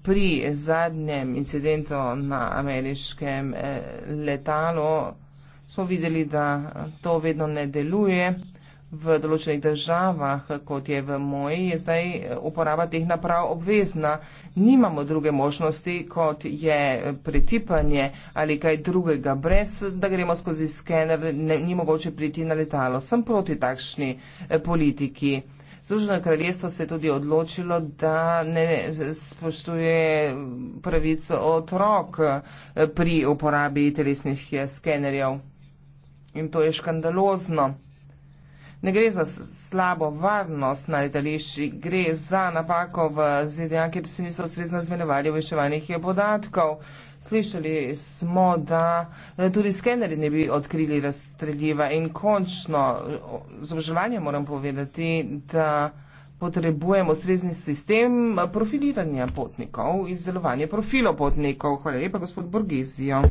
Pri zadnjem incidentu na ameriškem letalu smo videli, da to vedno ne deluje v določenih državah, kot je v moji, je zdaj uporaba teh naprav obvezna. Nimamo druge možnosti, kot je pretipanje ali kaj drugega, brez da gremo skozi skener, ne, ni mogoče priti na letalo. Sem proti takšni eh, politiki. Združeno kraljestvo se je tudi odločilo, da ne spoštuje pravico otrok eh, pri uporabi telesnih eh, skenerjev. In to je škandalozno. Ne gre za slabo varnost na letališči, gre za napako v ZDA, kjer se niso ustrezno zmenovali v iševanjih podatkov. Slišali smo, da eh, tudi skeneri ne bi odkrili razstreljiva in končno eh, z obžalovanjem moram povedati, da potrebujemo ustrezni sistem eh, profiliranja potnikov, izdelovanje profilov potnikov. Hvala lepa, gospod Borgizijo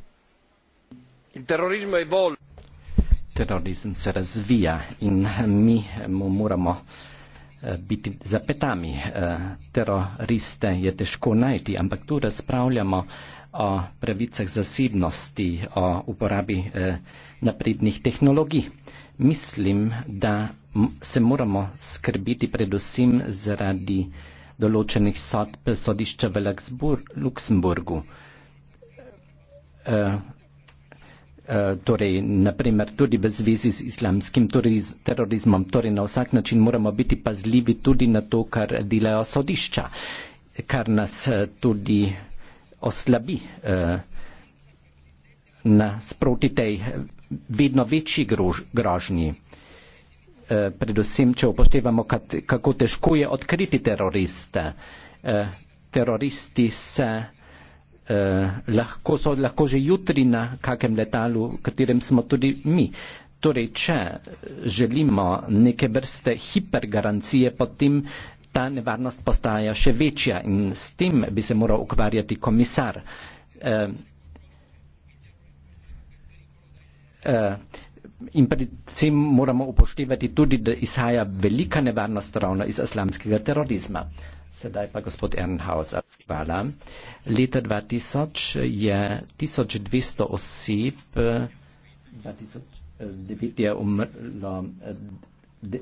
terorizem se razvija in mi mu moramo eh, biti zapetami. Eh, teroriste je težko najti, ampak tu razpravljamo o pravicah zasebnosti, o uporabi eh, naprednih tehnologij. Mislim, da se moramo skrbiti predvsem zaradi določenih sodb sodišča v Luxemburgu. Eh, torej naprimer tudi v zvezi z islamskim terorizmom. Torej na vsak način moramo biti pazljivi tudi na to, kar delajo sodišča, kar nas eh, tudi oslabi eh, nasproti tej vedno večji grož, grožnji. Predvsem, če upoštevamo, kako težko je odkriti teroriste. Teroristi se eh, lahko so lahko že jutri na kakem letalu, v katerem smo tudi mi. Torej, če želimo neke vrste hipergarancije, potem ta nevarnost postaja še večja in s tem bi se moral ukvarjati komisar. Eh, eh, In predvsem moramo upoštevati tudi, da izhaja velika nevarnost ravno iz islamskega terorizma. Sedaj pa gospod Ernhaus, hvala. Leta 2000 je 1200 oseb, 2009 je umrlo, eh,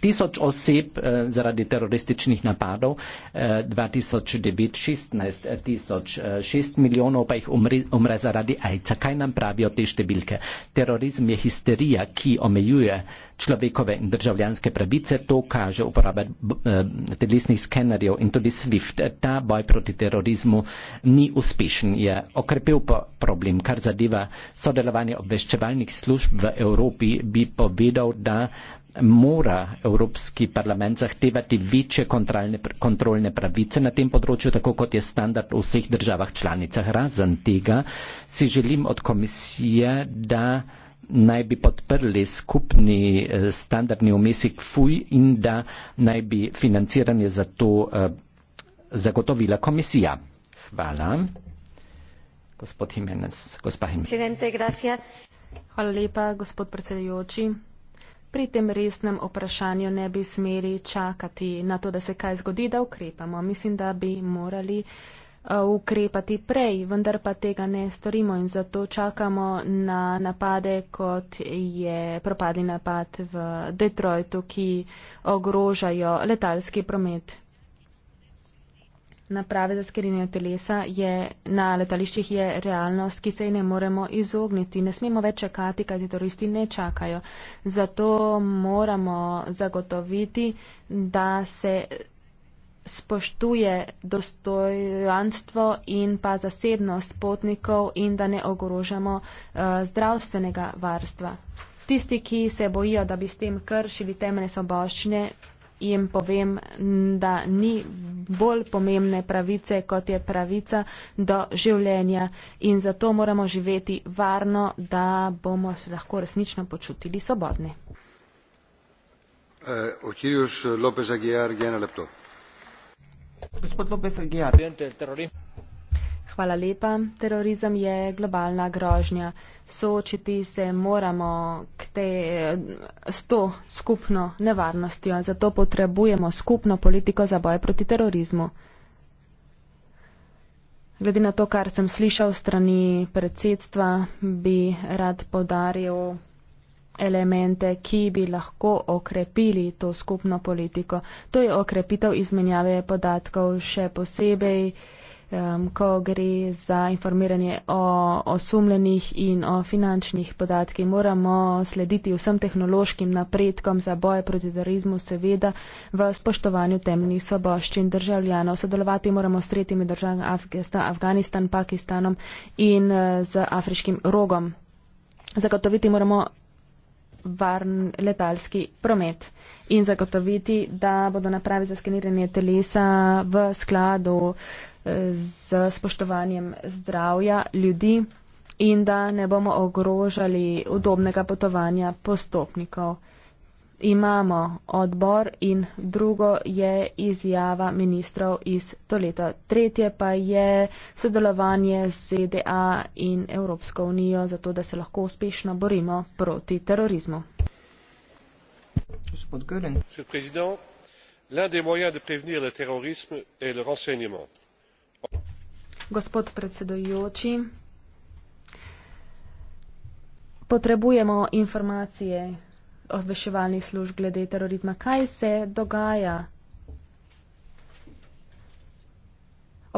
tisoč oseb eh, zaradi terorističnih napadov, 2009 eh, 16 tisoč, 6 milijonov pa jih umre zaradi AIDS-a. Kaj nam pravijo te številke? Terorizm je histerija, ki omejuje človekove in državljanske pravice, to kaže uporaba eh, telesnih skenerjev in tudi SWIFT. Ta boj proti terorizmu ni uspešen, je okrepil pa problem, kar zadeva sodelovanje obveščevalnih služb v Evropi, bi povedal, da mora Evropski parlament zahtevati večje kontrolne pravice na tem področju, tako kot je standard v vseh državah članicah. Razen tega si želim od komisije, da naj bi podprli skupni eh, standardni omesek FUJ in da naj bi financiranje za to eh, zagotovila komisija. Hvala. Gospod Jimenez, gospa Jimenez. Hvala lepa, gospod predsedujoči. Pri tem resnem vprašanju ne bi smeli čakati na to, da se kaj zgodi, da ukrepamo. Mislim, da bi morali. Eh, ukrepati prej, vendar pa tega ne storimo in zato čakamo na napade, kot je propadli napad v Detroitu, ki ogrožajo letalski promet. Naprave za skrinjanje telesa je, na letališčih je realnost, ki se ji ne moremo izogniti. Ne smemo več čakati, kajti turisti ne čakajo. Zato moramo zagotoviti, da se spoštuje dostojanstvo in pa zasebnost potnikov in da ne ogrožamo uh, zdravstvenega varstva. Tisti, ki se bojijo, da bi s tem kršili temeljne soboščine, jim povem, da ni bolj pomembne pravice, kot je pravica do življenja in zato moramo živeti varno, da bomo se lahko resnično počutili svobodni. Uh, Gospod Lopes Aguiar. Hvala lepa. Terorizem je globalna grožnja. Soočiti se moramo k te, s to skupno nevarnostjo. Zato potrebujemo skupno politiko za boj proti terorizmu. Glede na to, kar sem slišal strani predsedstva, bi rad podaril elemente, ki bi lahko okrepili to skupno politiko. To je okrepitev izmenjave podatkov, še posebej, um, ko gre za informiranje o osumljenih in o finančnih podatkih. Moramo slediti vsem tehnološkim napredkom za boje proti terorizmu, seveda v spoštovanju temeljnih soboščin državljanov. Sodelovati moramo s tretjimi državami Afganistan, Pakistanom in uh, z afriškim rogom. Zagotoviti moramo varen letalski promet in zagotoviti, da bodo naprave za skeniranje telesa v skladu eh, z spoštovanjem zdravja ljudi in da ne bomo ogrožali udobnega potovanja postopnikov imamo odbor in drugo je izjava ministrov iz to leto. Tretje pa je sodelovanje z ZDA in Evropsko unijo, zato da se lahko uspešno borimo proti terorizmu. Gospod predsedujoči, potrebujemo informacije obveščevalnih služb glede terorizma. Kaj se dogaja?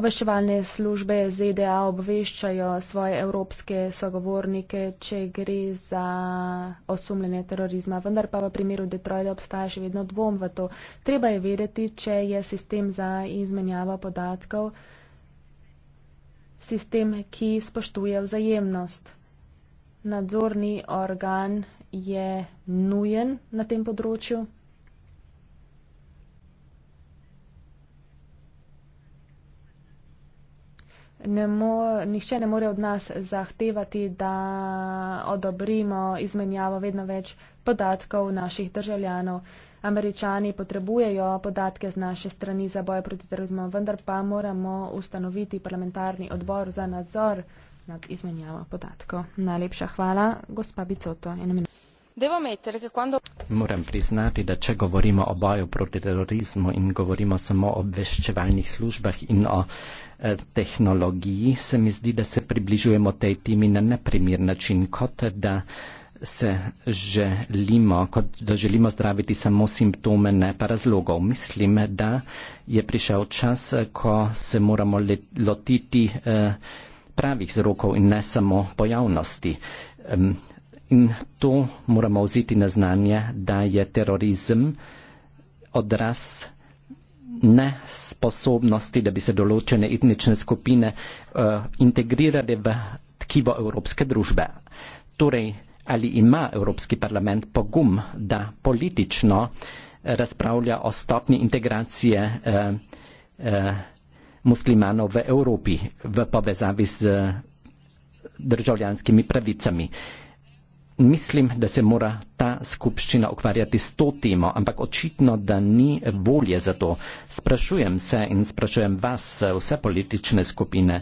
Obveščevalne službe ZDA obveščajo svoje evropske sogovornike, če gre za osumljene terorizma, vendar pa v primeru Detroida obstaja še vedno dvom v to. Treba je vedeti, če je sistem za izmenjavo podatkov sistem, ki spoštuje vzajemnost nadzorni organ je nujen na tem področju? Ne more, nihče ne more od nas zahtevati, da odobrimo izmenjavo vedno več podatkov naših državljanov. Američani potrebujejo podatke z naše strani za boj proti terorizmu, vendar pa moramo ustanoviti parlamentarni odbor za nadzor nad izmenjavo podatkov. Najlepša hvala, gospa Bicoto. Moram priznati, da če govorimo o boju proti terorizmu in govorimo samo o obveščevalnih službah in o eh, tehnologiji, se mi zdi, da se približujemo tej temi na neprimer način, kot da se želimo, kot da želimo zdraviti samo simptome, ne pa razlogov. Mislim, da je prišel čas, ko se moramo le, lotiti. Eh, pravih vzrokov in ne samo pojavnosti. In to moramo vzeti na znanje, da je terorizem odraz nesposobnosti, da bi se določene etnične skupine uh, integrirale v tkivo evropske družbe. Torej, ali ima Evropski parlament pogum, da politično razpravlja o stopni integracije uh, uh, muslimanov v Evropi v povezavi z eh, državljanskimi pravicami. Mislim, da se mora ta skupščina ukvarjati s to temo, ampak očitno, da ni volje za to. Sprašujem se in sprašujem vas, eh, vse politične skupine,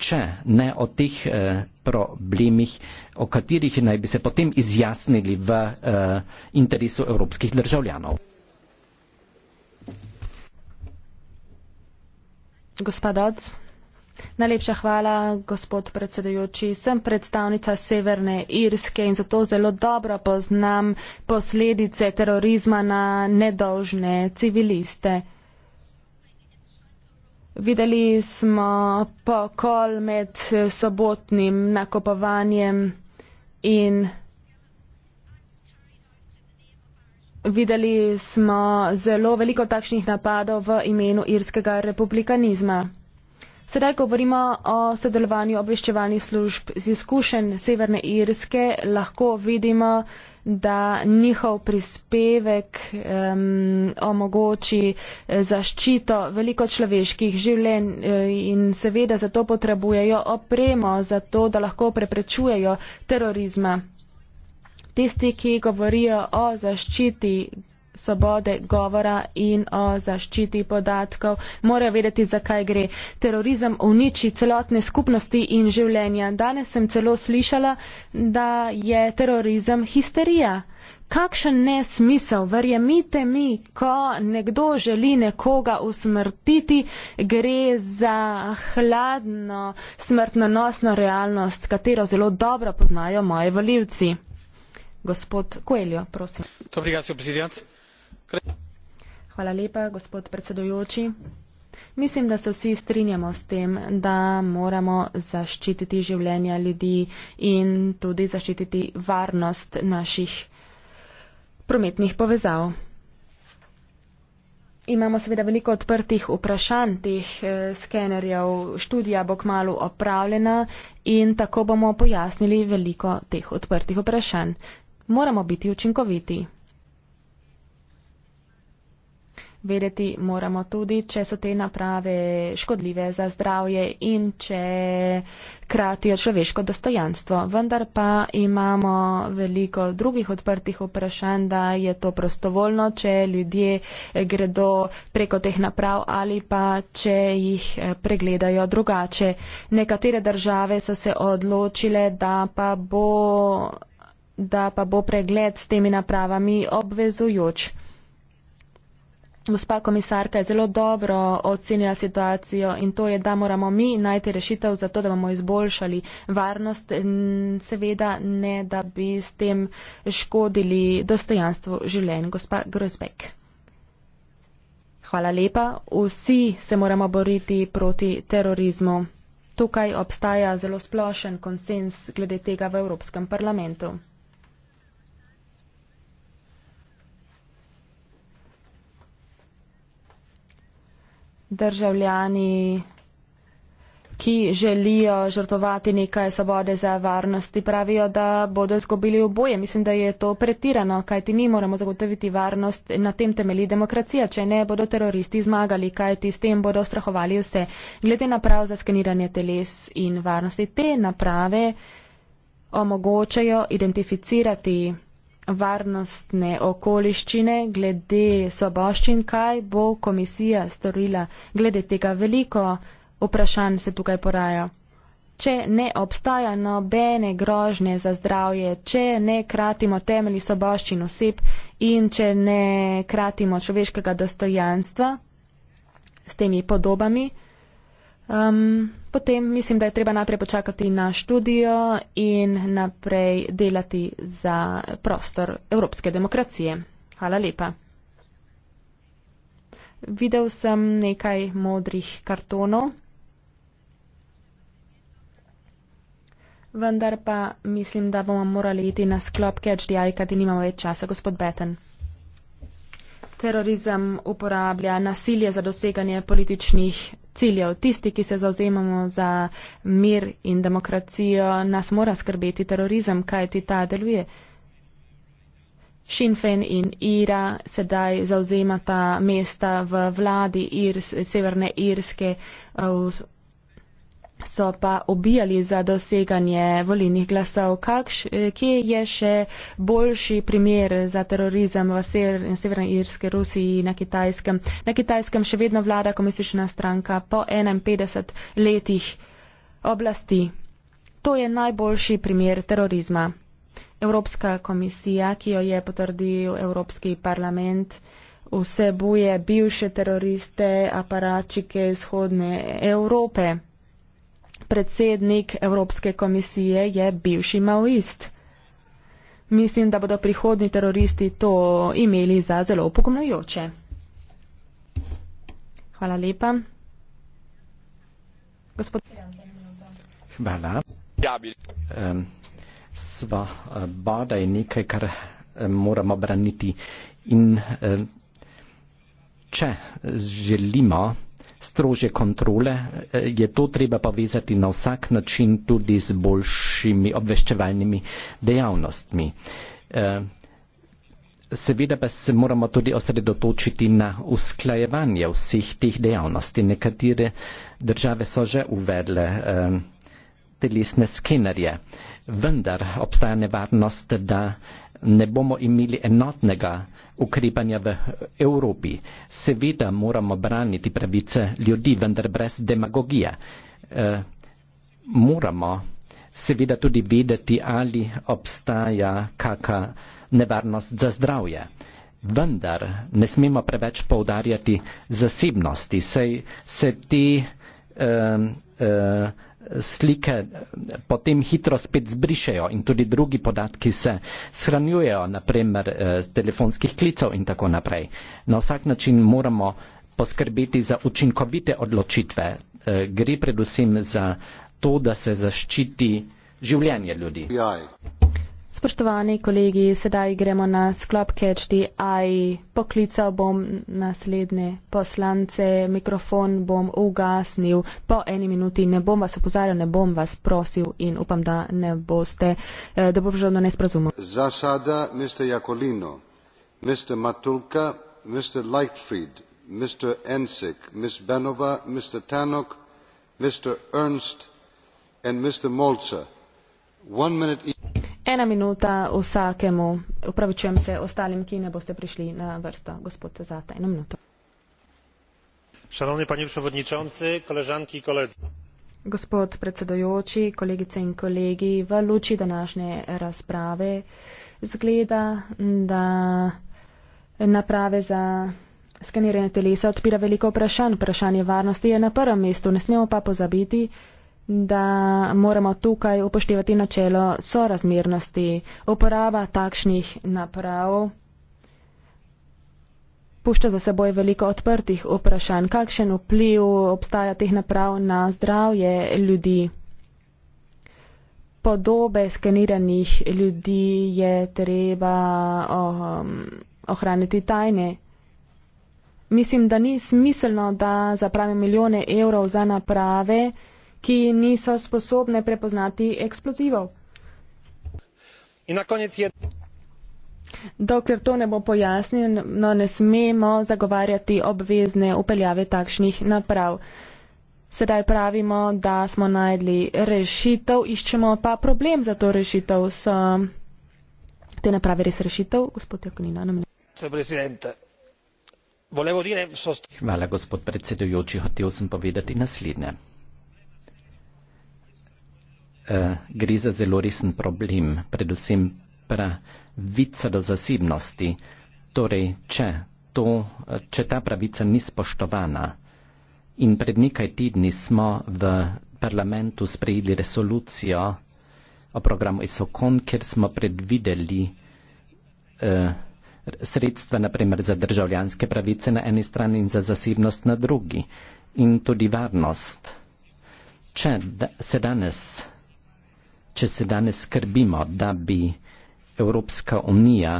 če ne o teh eh, problemih, o katerih naj bi se potem izjasnili v eh, interesu evropskih državljanov. Gospodac. Najlepša hvala, gospod predsedujoči. Sem predstavnica Severne Irske in zato zelo dobro poznam posledice terorizma na nedolžne civiliste. Videli smo pokol med sobotnim nakopovanjem in Videli smo zelo veliko takšnih napadov v imenu irskega republikanizma. Sedaj govorimo o sodelovanju obveščevalnih služb z izkušen Severne Irske. Lahko vidimo, da njihov prispevek um, omogoči eh, zaščito veliko človeških življenj eh, in seveda zato potrebujejo opremo, zato da lahko preprečujejo terorizma tisti, ki govorijo o zaščiti svobode govora in o zaščiti podatkov, morajo vedeti, zakaj gre. Terorizem uniči celotne skupnosti in življenja. Danes sem celo slišala, da je terorizem histerija. Kakšen nesmisel, verjemite mi, ko nekdo želi nekoga usmrtiti, gre za hladno, smrtnonosno realnost, katero zelo dobro poznajo moji voljivci. Mislim, da se vsi strinjamo s tem, da moramo zaščititi življenja ljudi in tudi zaščititi varnost naših prometnih povezav. Imamo seveda veliko odprtih vprašanj teh eh, skenerjev. Študija bo kmalo opravljena in tako bomo pojasnili veliko teh odprtih vprašanj moramo biti učinkoviti. Vedeti moramo tudi, če so te naprave škodljive za zdravje in če kratijo človeško dostojanstvo. Vendar pa imamo veliko drugih odprtih vprašanj, da je to prostovoljno, če ljudje gredo preko teh naprav ali pa če jih eh, pregledajo drugače. Nekatere države so se odločile, da pa bo da pa bo pregled s temi napravami obvezujoč. Gospa komisarka je zelo dobro ocenila situacijo in to je, da moramo mi najti rešitev za to, da bomo izboljšali varnost, seveda ne, da bi s tem škodili dostojanstvo življenj. Gospa Grozbek. Hvala lepa. Vsi se moramo boriti proti terorizmu. Tukaj obstaja zelo splošen konsens glede tega v Evropskem parlamentu. državljani, ki želijo žrtovati nekaj svobode za varnosti, pravijo, da bodo izgubili oboje. Mislim, da je to pretirano, kajti mi moramo zagotoviti varnost na tem temelji demokracija. Če ne, bodo teroristi zmagali, kajti s tem bodo strahovali vse. Glede naprav za skeniranje teles in varnosti, te naprave omogočajo identificirati varnostne okoliščine glede soboščin, kaj bo komisija storila glede tega. Veliko vprašanj se tukaj poraja. Če ne obstaja nobene grožnje za zdravje, če ne kratimo temelji soboščin oseb in če ne kratimo človeškega dostojanstva s temi podobami, Um, potem mislim, da je treba najprej počakati na študijo in naprej delati za prostor evropske demokracije. Hvala lepa. Videl sem nekaj modrih kartonov, vendar pa mislim, da bomo morali iti na sklop KHDI, kajti nimamo več časa, gospod Beten. Terorizem uporablja nasilje za doseganje političnih ciljev. Tisti, ki se zauzemamo za mir in demokracijo, nas mora skrbeti terorizem, kaj ti ta deluje. Šinfen in Ira sedaj zauzemata mesta v vladi Irs, Severne Irske. Uh, so pa obijali za doseganje volilnih glasov. Kakš, eh, kje je še boljši primer za terorizem v Severni Irski Rusiji na Kitajskem? Na Kitajskem še vedno vlada komunistična stranka po 51 letih oblasti. To je najboljši primer terorizma. Evropska komisija, ki jo je potrdil Evropski parlament, vsebuje bivše teroriste, aparačike izhodne Evrope predsednik Evropske komisije je bivši maoist. Mislim, da bodo prihodni teroristi to imeli za zelo pogumnojoče. Hvala lepa. Gospod. Hvala. Ja, bi. Um, sva eh, bada je nekaj, kar eh, moramo braniti. In um, če želimo, strože kontrole, je to treba povezati na vsak način tudi z boljšimi obveščevalnimi dejavnostmi. Eh, seveda pa se moramo tudi osredotočiti na usklajevanje vseh teh dejavnosti. Nekatere države so že uvedle eh, telesne skenerje, vendar obstaja nevarnost, da ne bomo imeli enotnega ukrepanja v Evropi. Seveda moramo braniti pravice ljudi, vendar brez demagogije. E, moramo seveda tudi vedeti, ali obstaja kakšna nevarnost za zdravje. Vendar ne smemo preveč poudarjati zasebnosti, saj se ti. E, e, slike potem hitro spet zbrišejo in tudi drugi podatki se shranjujejo, naprimer eh, telefonskih klicev in tako naprej. Na vsak način moramo poskrbeti za učinkovite odločitve. Eh, gre predvsem za to, da se zaščiti življenje ljudi. Spoštovani kolegi, sedaj gremo na sklop Kečti AI. Poklical bom naslednje poslance, mikrofon bom ugasnil po eni minuti. Ne bom vas opozarjal, ne bom vas prosil in upam, da ne boste, eh, da bo žal do nesprazumov. Za sada, Mr. Jakolino, Mr. Matulka, Mr. Lightfried, Mr. Ensik, Ms. Benova, Mr. Tanok, Mr. Ernst in Mr. Molce. One minute each. Ena minuta vsakemu, upravičujem se ostalim, ki ne boste prišli na vrsto. Gospod Cezata, eno minuto. Šanovni pani predsedujoči, koležanki in kolegi. Gospod predsedujoči, kolegice in kolegi, v luči današnje razprave zgleda, da naprave za skeniranje telesa odpira veliko vprašanj. Vprašanje varnosti je na prvem mestu, ne smemo pa pozabiti, da moramo tukaj upoštevati načelo sorazmernosti. Uporaba takšnih naprav pušča za seboj veliko odprtih vprašanj, kakšen vpliv obstaja teh naprav na zdravje ljudi. Podobe skeniranih ljudi je treba oh, um, ohraniti tajne. Mislim, da ni smiselno, da zapravimo milijone evrov za naprave, ki niso sposobne prepoznati eksplozivov. In na koniec je. Dokler to ne bo pojasnjeno, ne smemo zagovarjati obvezne upeljave takšnih naprav. Sedaj pravimo, da smo najdli rešitev, iščemo pa problem za to rešitev. So te naprave res rešitev, gospod Jakonina? Hvala, gospod predsedujoči. Hotel sem povedati naslednje. Eh, gre za zelo resen problem, predvsem pravica do zasebnosti. Torej, če, to, če ta pravica ni spoštovana in pred nekaj tedni smo v parlamentu sprejeli resolucijo o programu ISOKON, kjer smo predvideli eh, sredstva naprimer za državljanske pravice na eni strani in za zasebnost na drugi in tudi varnost. Če da, se danes če se danes skrbimo, da bi Evropska unija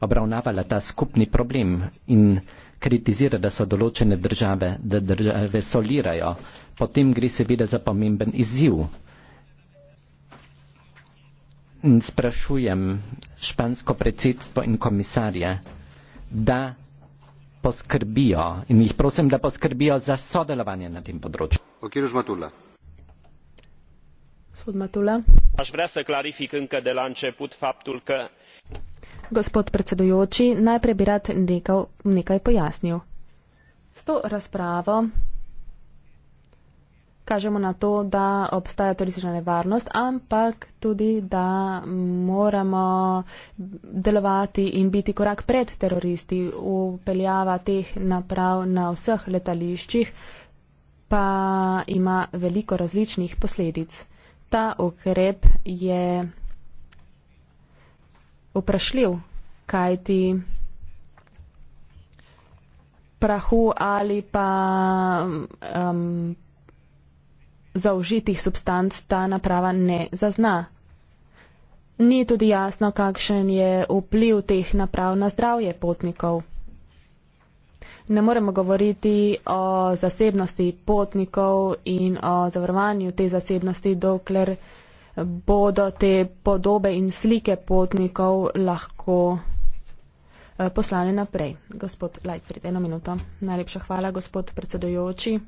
obravnavala ta skupni problem in kritizira, da so določene države, da države solirajo, potem gre seveda za pomemben izziv. In sprašujem špansko predsedstvo in komisarje, da poskrbijo in jih prosim, da poskrbijo za sodelovanje na tem področju. Gospod Matula. Gospod Matula a vrea să clarific încă de la început faptul că Gospod predsedujoči, najprej bi rad nekaj, nekaj pojasnil. S to razpravo kažemo na to, da obstaja turistična nevarnost, ampak tudi, da moramo delovati in biti korak pred teroristi, upeljava teh naprav na vseh letališčih, pa ima veliko različnih posledic ta okrep je vprašljiv, kajti prahu ali pa um, zaužitih substanc ta naprava ne zazna. Ni tudi jasno, kakšen je vpliv teh naprav na zdravje potnikov ne moremo govoriti o zasebnosti potnikov in o zavarovanju te zasebnosti, dokler bodo te podobe in slike potnikov lahko eh, poslane naprej. Gospod Lajfrid, eno minuto. Najlepša hvala, gospod predsedujoči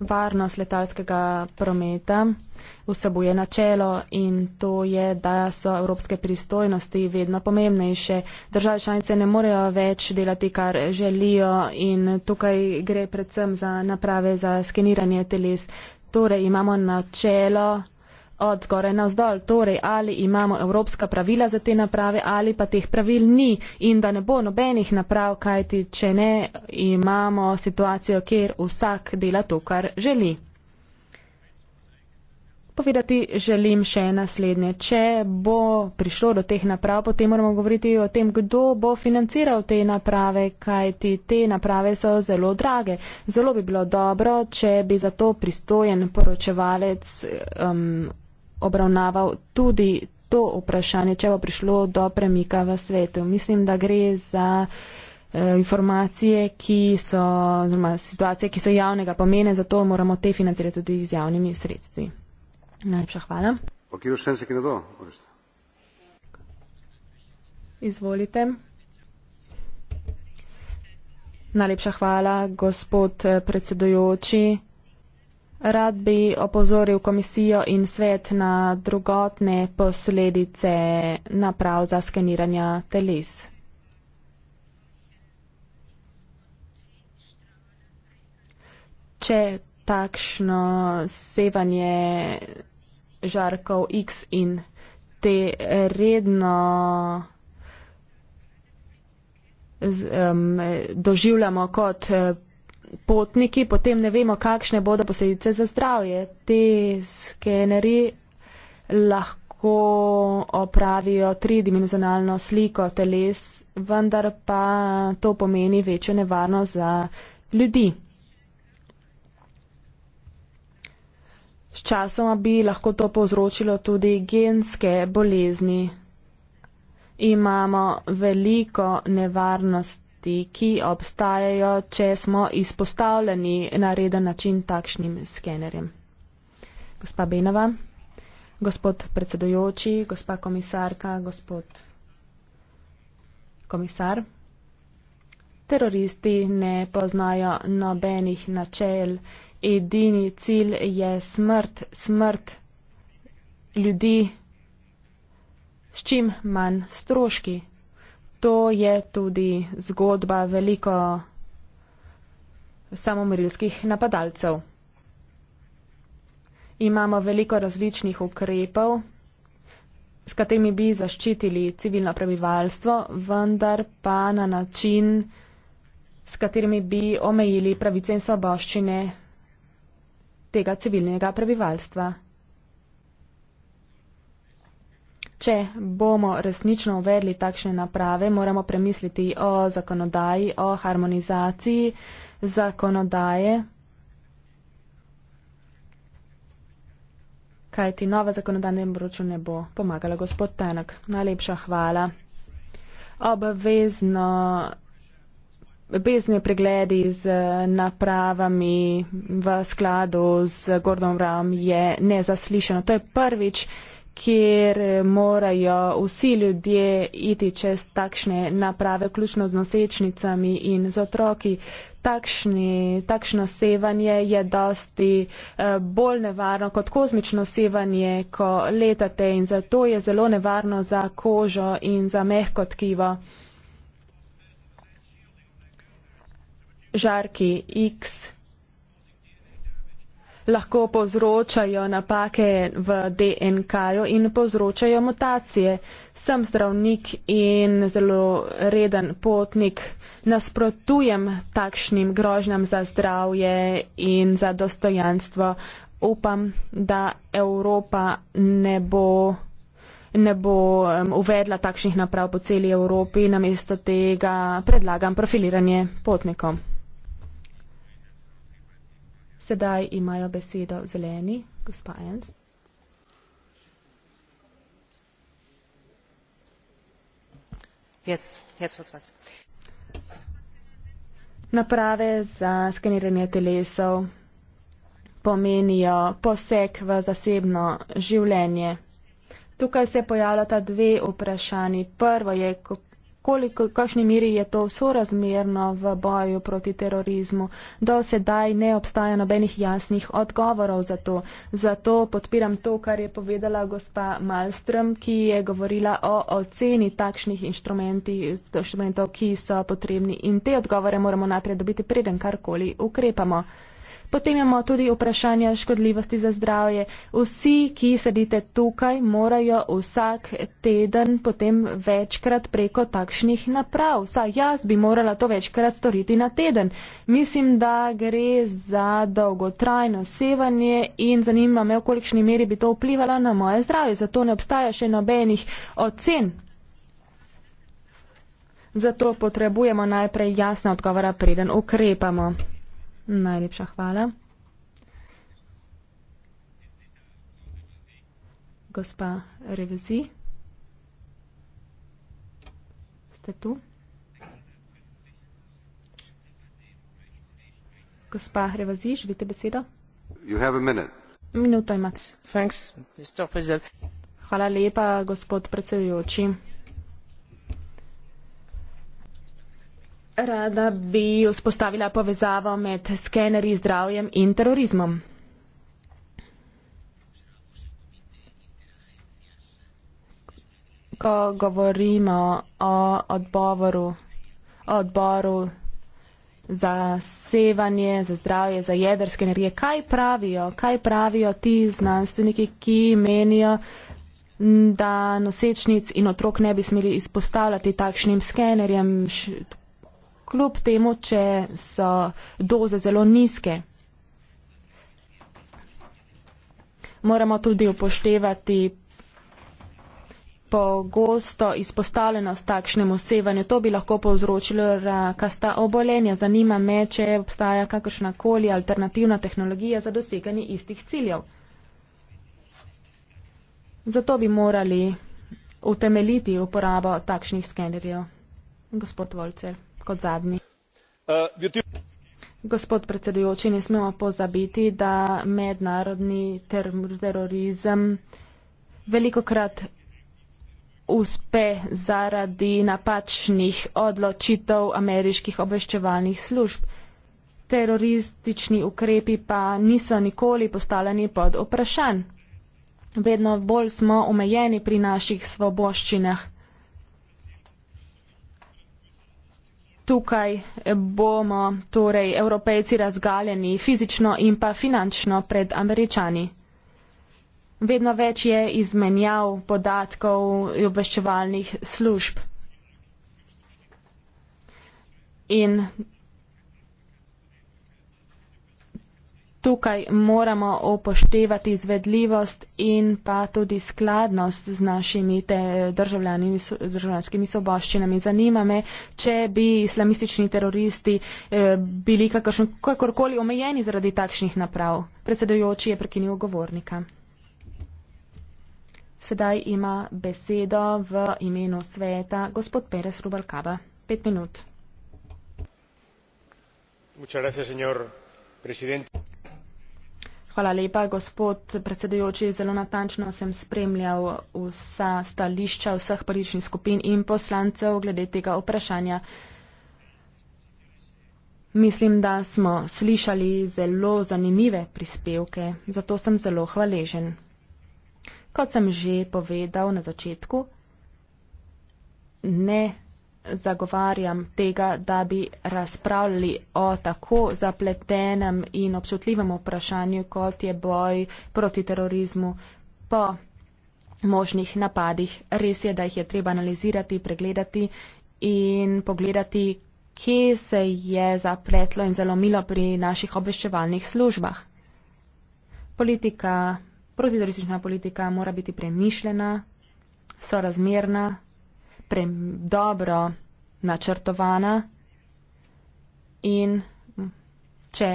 varnost letalskega prometa vsebuje načelo in to je, da so evropske pristojnosti vedno pomembnejše. Države članice ne morejo več delati, kar želijo in tukaj gre predvsem za naprave za skeniranje teles. Torej imamo načelo od zgoraj navzdol, torej ali imamo evropska pravila za te naprave ali pa teh pravil ni in da ne bo nobenih naprav, kajti če ne, imamo situacijo, kjer vsak dela to, kar želi. Povedati želim še naslednje. Če bo prišlo do teh naprav, potem moramo govoriti o tem, kdo bo financiral te naprave, kajti te naprave so zelo drage. Zelo bi bilo dobro, če bi za to pristojen poročevalec um, obravnaval tudi to vprašanje, če bo prišlo do premika v svetu. Mislim, da gre za eh, informacije, ki so, oziroma situacije, ki so javnega pomene, zato moramo te financirati tudi z javnimi sredstvi. Najlepša hvala. Izvolite. Najlepša hvala, gospod eh, predsedujoči. Rad bi opozoril komisijo in svet na drugotne posledice naprav za skeniranje teles. Če takšno sevanje žarkov X in T redno z, um, doživljamo kot eh, potniki, potem ne vemo, kakšne bodo posledice za zdravje. Te skeneri lahko opravijo tridimenzionalno sliko teles, vendar pa to pomeni večjo nevarnost za ljudi. Sčasoma bi lahko to povzročilo tudi genske bolezni. Imamo veliko nevarnosti skrbeti, ki obstajajo, če smo izpostavljeni na reden način takšnim skenerjem. Gospa Benova, gospod predsedojoči, gospa komisarka, gospod komisar. Teroristi ne poznajo nobenih načel. Edini cilj je smrt, smrt ljudi s čim manj stroški to je tudi zgodba veliko samomorilskih napadalcev. Imamo veliko različnih ukrepov, s katerimi bi zaščitili civilno prebivalstvo, vendar pa na način, s katerimi bi omejili pravice in soboščine tega civilnega prebivalstva. če bomo resnično uvedli takšne naprave, moramo premisliti o zakonodaji, o harmonizaciji zakonodaje. Kaj ti nova zakonodajna broču ne bo pomagala, gospod Tanak. Najlepša hvala. Obvezno. Bezni pregledi z napravami v skladu z Gordon Ram je nezaslišano. To je prvič, kjer eh, morajo vsi ljudje iti čez takšne naprave, vključno z nosečnicami in z otroki. Takšni, takšno sevanje je dosti eh, bolj nevarno kot kozmično sevanje, ko letate in zato je zelo nevarno za kožo in za mehko tkivo. Žarki X lahko povzročajo napake v DNK-ju in povzročajo mutacije. Sem zdravnik in zelo reden potnik, nasprotujem takšnim grožnjam za zdravje in za dostojanstvo. Upam, da Evropa ne bo, ne bo um, uvedla takšnih naprav po celi Evropi, namesto tega predlagam profiliranje potnikov. Sedaj imajo besedo zeleni, gospa Enz. Naprave za skeniranje telesov pomenijo poseg v zasebno življenje. Tukaj se pojavljata dve vprašanji. Prvo je, ko koliko, kakšni miri je to sorazmerno v boju proti terorizmu. Do sedaj ne obstaja nobenih jasnih odgovorov za to. Zato podpiram to, kar je povedala gospa Malstrom, ki je govorila o oceni takšnih inštrumentov, ki so potrebni. In te odgovore moramo najprej dobiti, preden karkoli ukrepamo. Potem imamo tudi vprašanje škodljivosti za zdravje. Vsi, ki sedite tukaj, morajo vsak teden potem večkrat preko takšnih naprav. Vsaj jaz bi morala to večkrat storiti na teden. Mislim, da gre za dolgotrajno sevanje in zanima me, v kolikšni meri bi to vplivalo na moje zdravje. Zato ne obstaja še nobenih ocen. Zato potrebujemo najprej jasne odgovora, preden ukrepamo. Najlepša hvala. Gospa Revzi, ste tu? Gospa Revzi, želite besedo? Minuta imate. Hvala lepa, gospod predsedujoči. Rada bi vzpostavila povezavo med skenerji zdravjem in terorizmom. Ko govorimo o odboru, o odboru za sevanje, za zdravje, za jedrske energije, kaj pravijo, kaj pravijo ti znanstveniki, ki menijo, da nosečnic in otrok ne bi smeli izpostavljati takšnim skenerjem, kljub temu, če so doze zelo nizke. Moramo tudi upoštevati pogosto izpostavljenost takšnemu sevanju. To bi lahko povzročilo rakasta obolenja. Zanima me, če obstaja kakršnakoli alternativna tehnologija za doseganje istih ciljev. Zato bi morali utemeljiti uporabo takšnih skenerjev. Gospod Volcer kot zadnji. Uh, Gospod predsedujoči, ne smemo pozabiti, da mednarodni ter terorizem velikokrat uspe zaradi napačnih odločitev ameriških obveščevalnih služb. Teroristični ukrepi pa niso nikoli postavljeni pod vprašanj. Vedno bolj smo omejeni pri naših svoboščinah. Tukaj bomo torej evropejci razgaljeni fizično in pa finančno pred američani. Vedno več je izmenjav podatkov obveščevalnih služb. In tukaj moramo upoštevati izvedljivost in pa tudi skladnost z našimi državljanskimi, državljanskimi soboščinami. Zanima me, če bi islamistični teroristi eh, bili kakršen, kakorkoli omejeni zaradi takšnih naprav. Predsedujoči je prekinil govornika. Sedaj ima besedo v imenu sveta gospod Perez Rubalkaba. Pet minut. Muchas gracias, señor presidente. Hvala lepa, gospod predsedujoči. Zelo natančno sem spremljal vsa stališča vseh političnih skupin in poslancev glede tega vprašanja. Mislim, da smo slišali zelo zanimive prispevke, zato sem zelo hvaležen. Kot sem že povedal na začetku, ne zagovarjam tega, da bi razpravljali o tako zapletenem in občutljivem vprašanju, kot je boj proti terorizmu po možnih napadih. Res je, da jih je treba analizirati, pregledati in pogledati, kje se je zapletlo in zalomilo pri naših obveščevalnih službah. Politika, protiteroristična politika mora biti premišljena, sorazmerna, pre, dobro načrtovana in če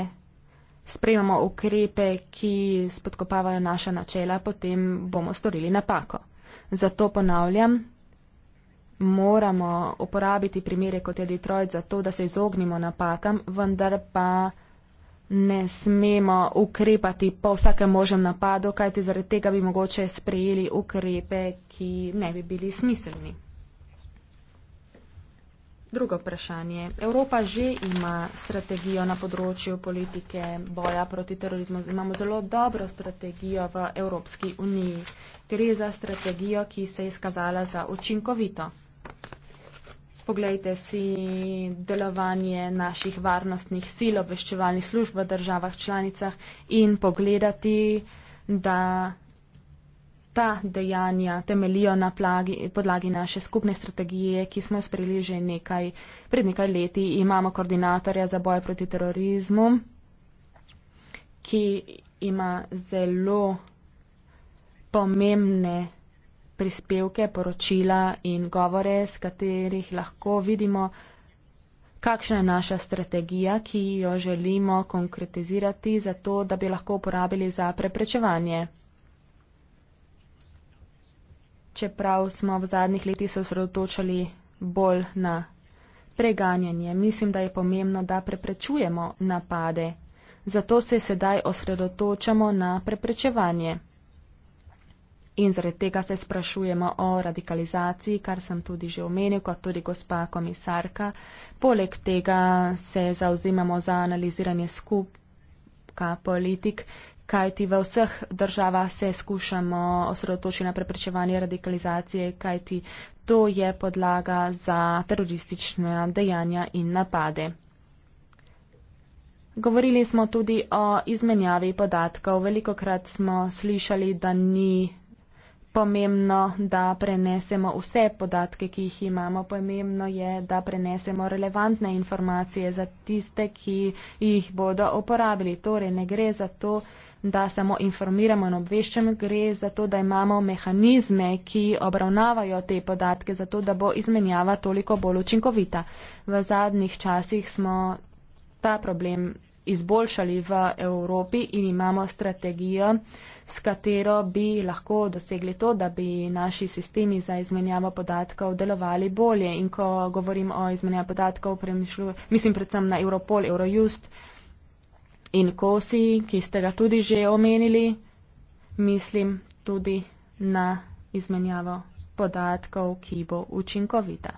sprejmemo ukrepe, ki spodkopavajo naša načela, potem bomo storili napako. Zato ponavljam, moramo uporabiti primere kot je Detroit za to, da se izognimo napakam, vendar pa ne smemo ukrepati po vsakem možnem napadu, kajti zaradi tega bi mogoče sprejeli ukrepe, ki ne bi bili smiselni. Drugo vprašanje. Evropa že ima strategijo na področju politike boja proti terorizmu. Imamo zelo dobro strategijo v Evropski uniji. Gre za strategijo, ki se je izkazala za učinkovito. Poglejte si delovanje naših varnostnih sil, obveščevalnih služb v državah članicah in pogledati, da ta dejanja temelijo na plagi, podlagi naše skupne strategije, ki smo jo sprejeli že nekaj, pred nekaj leti. Imamo koordinatorja za boje proti terorizmu, ki ima zelo pomembne prispevke, poročila in govore, z katerih lahko vidimo, kakšna je naša strategija, ki jo želimo konkretizirati, zato da bi lahko uporabili za preprečevanje čeprav smo v zadnjih letih se osredotočali bolj na preganjanje. Mislim, da je pomembno, da preprečujemo napade. Zato se sedaj osredotočamo na preprečevanje. In zaradi tega se sprašujemo o radikalizaciji, kar sem tudi že omenil, kot tudi gospa komisarka. Poleg tega se zauzimamo za analiziranje skupka politik, kajti v vseh državah se skušamo osredotočiti na preprečevanje radikalizacije, kajti to je podlaga za teroristična dejanja in napade. Govorili smo tudi o izmenjavi podatkov. Veliko krat smo slišali, da ni pomembno, da prenesemo vse podatke, ki jih imamo. Pomembno je, da prenesemo relevantne informacije za tiste, ki jih bodo uporabili. Torej, ne gre za to, da samo informiramo in obveščamo, gre za to, da imamo mehanizme, ki obravnavajo te podatke, zato da bo izmenjava toliko bolj učinkovita. V zadnjih časih smo ta problem izboljšali v Evropi in imamo strategijo, s katero bi lahko dosegli to, da bi naši sistemi za izmenjavo podatkov delovali bolje. In ko govorim o izmenjavi podatkov, mislim predvsem na Europol, Eurojust, uh, in kosi, ki ste ga tudi že omenili, mislim tudi na izmenjavo podatkov, ki bo učinkovita.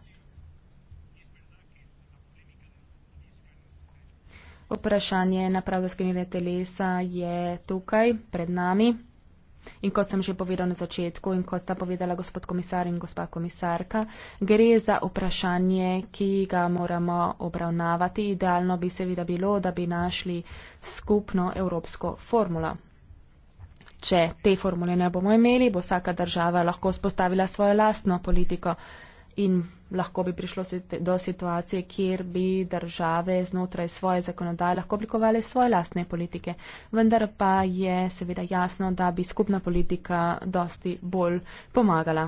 Vprašanje napravo za skrinjanje telesa je tukaj pred nami. In kot sem že povedal na začetku in kot sta povedala gospod komisar in gospa komisarka, gre za vprašanje, ki ga moramo obravnavati. Idealno bi seveda bilo, da bi našli skupno evropsko formulo. Če te formule ne bomo imeli, bo vsaka država lahko spostavila svojo lastno politiko in lahko bi prišlo do situacije, kjer bi države znotraj svoje zakonodaje lahko oblikovali svoje lastne politike. Vendar pa je seveda jasno, da bi skupna politika dosti bolj pomagala.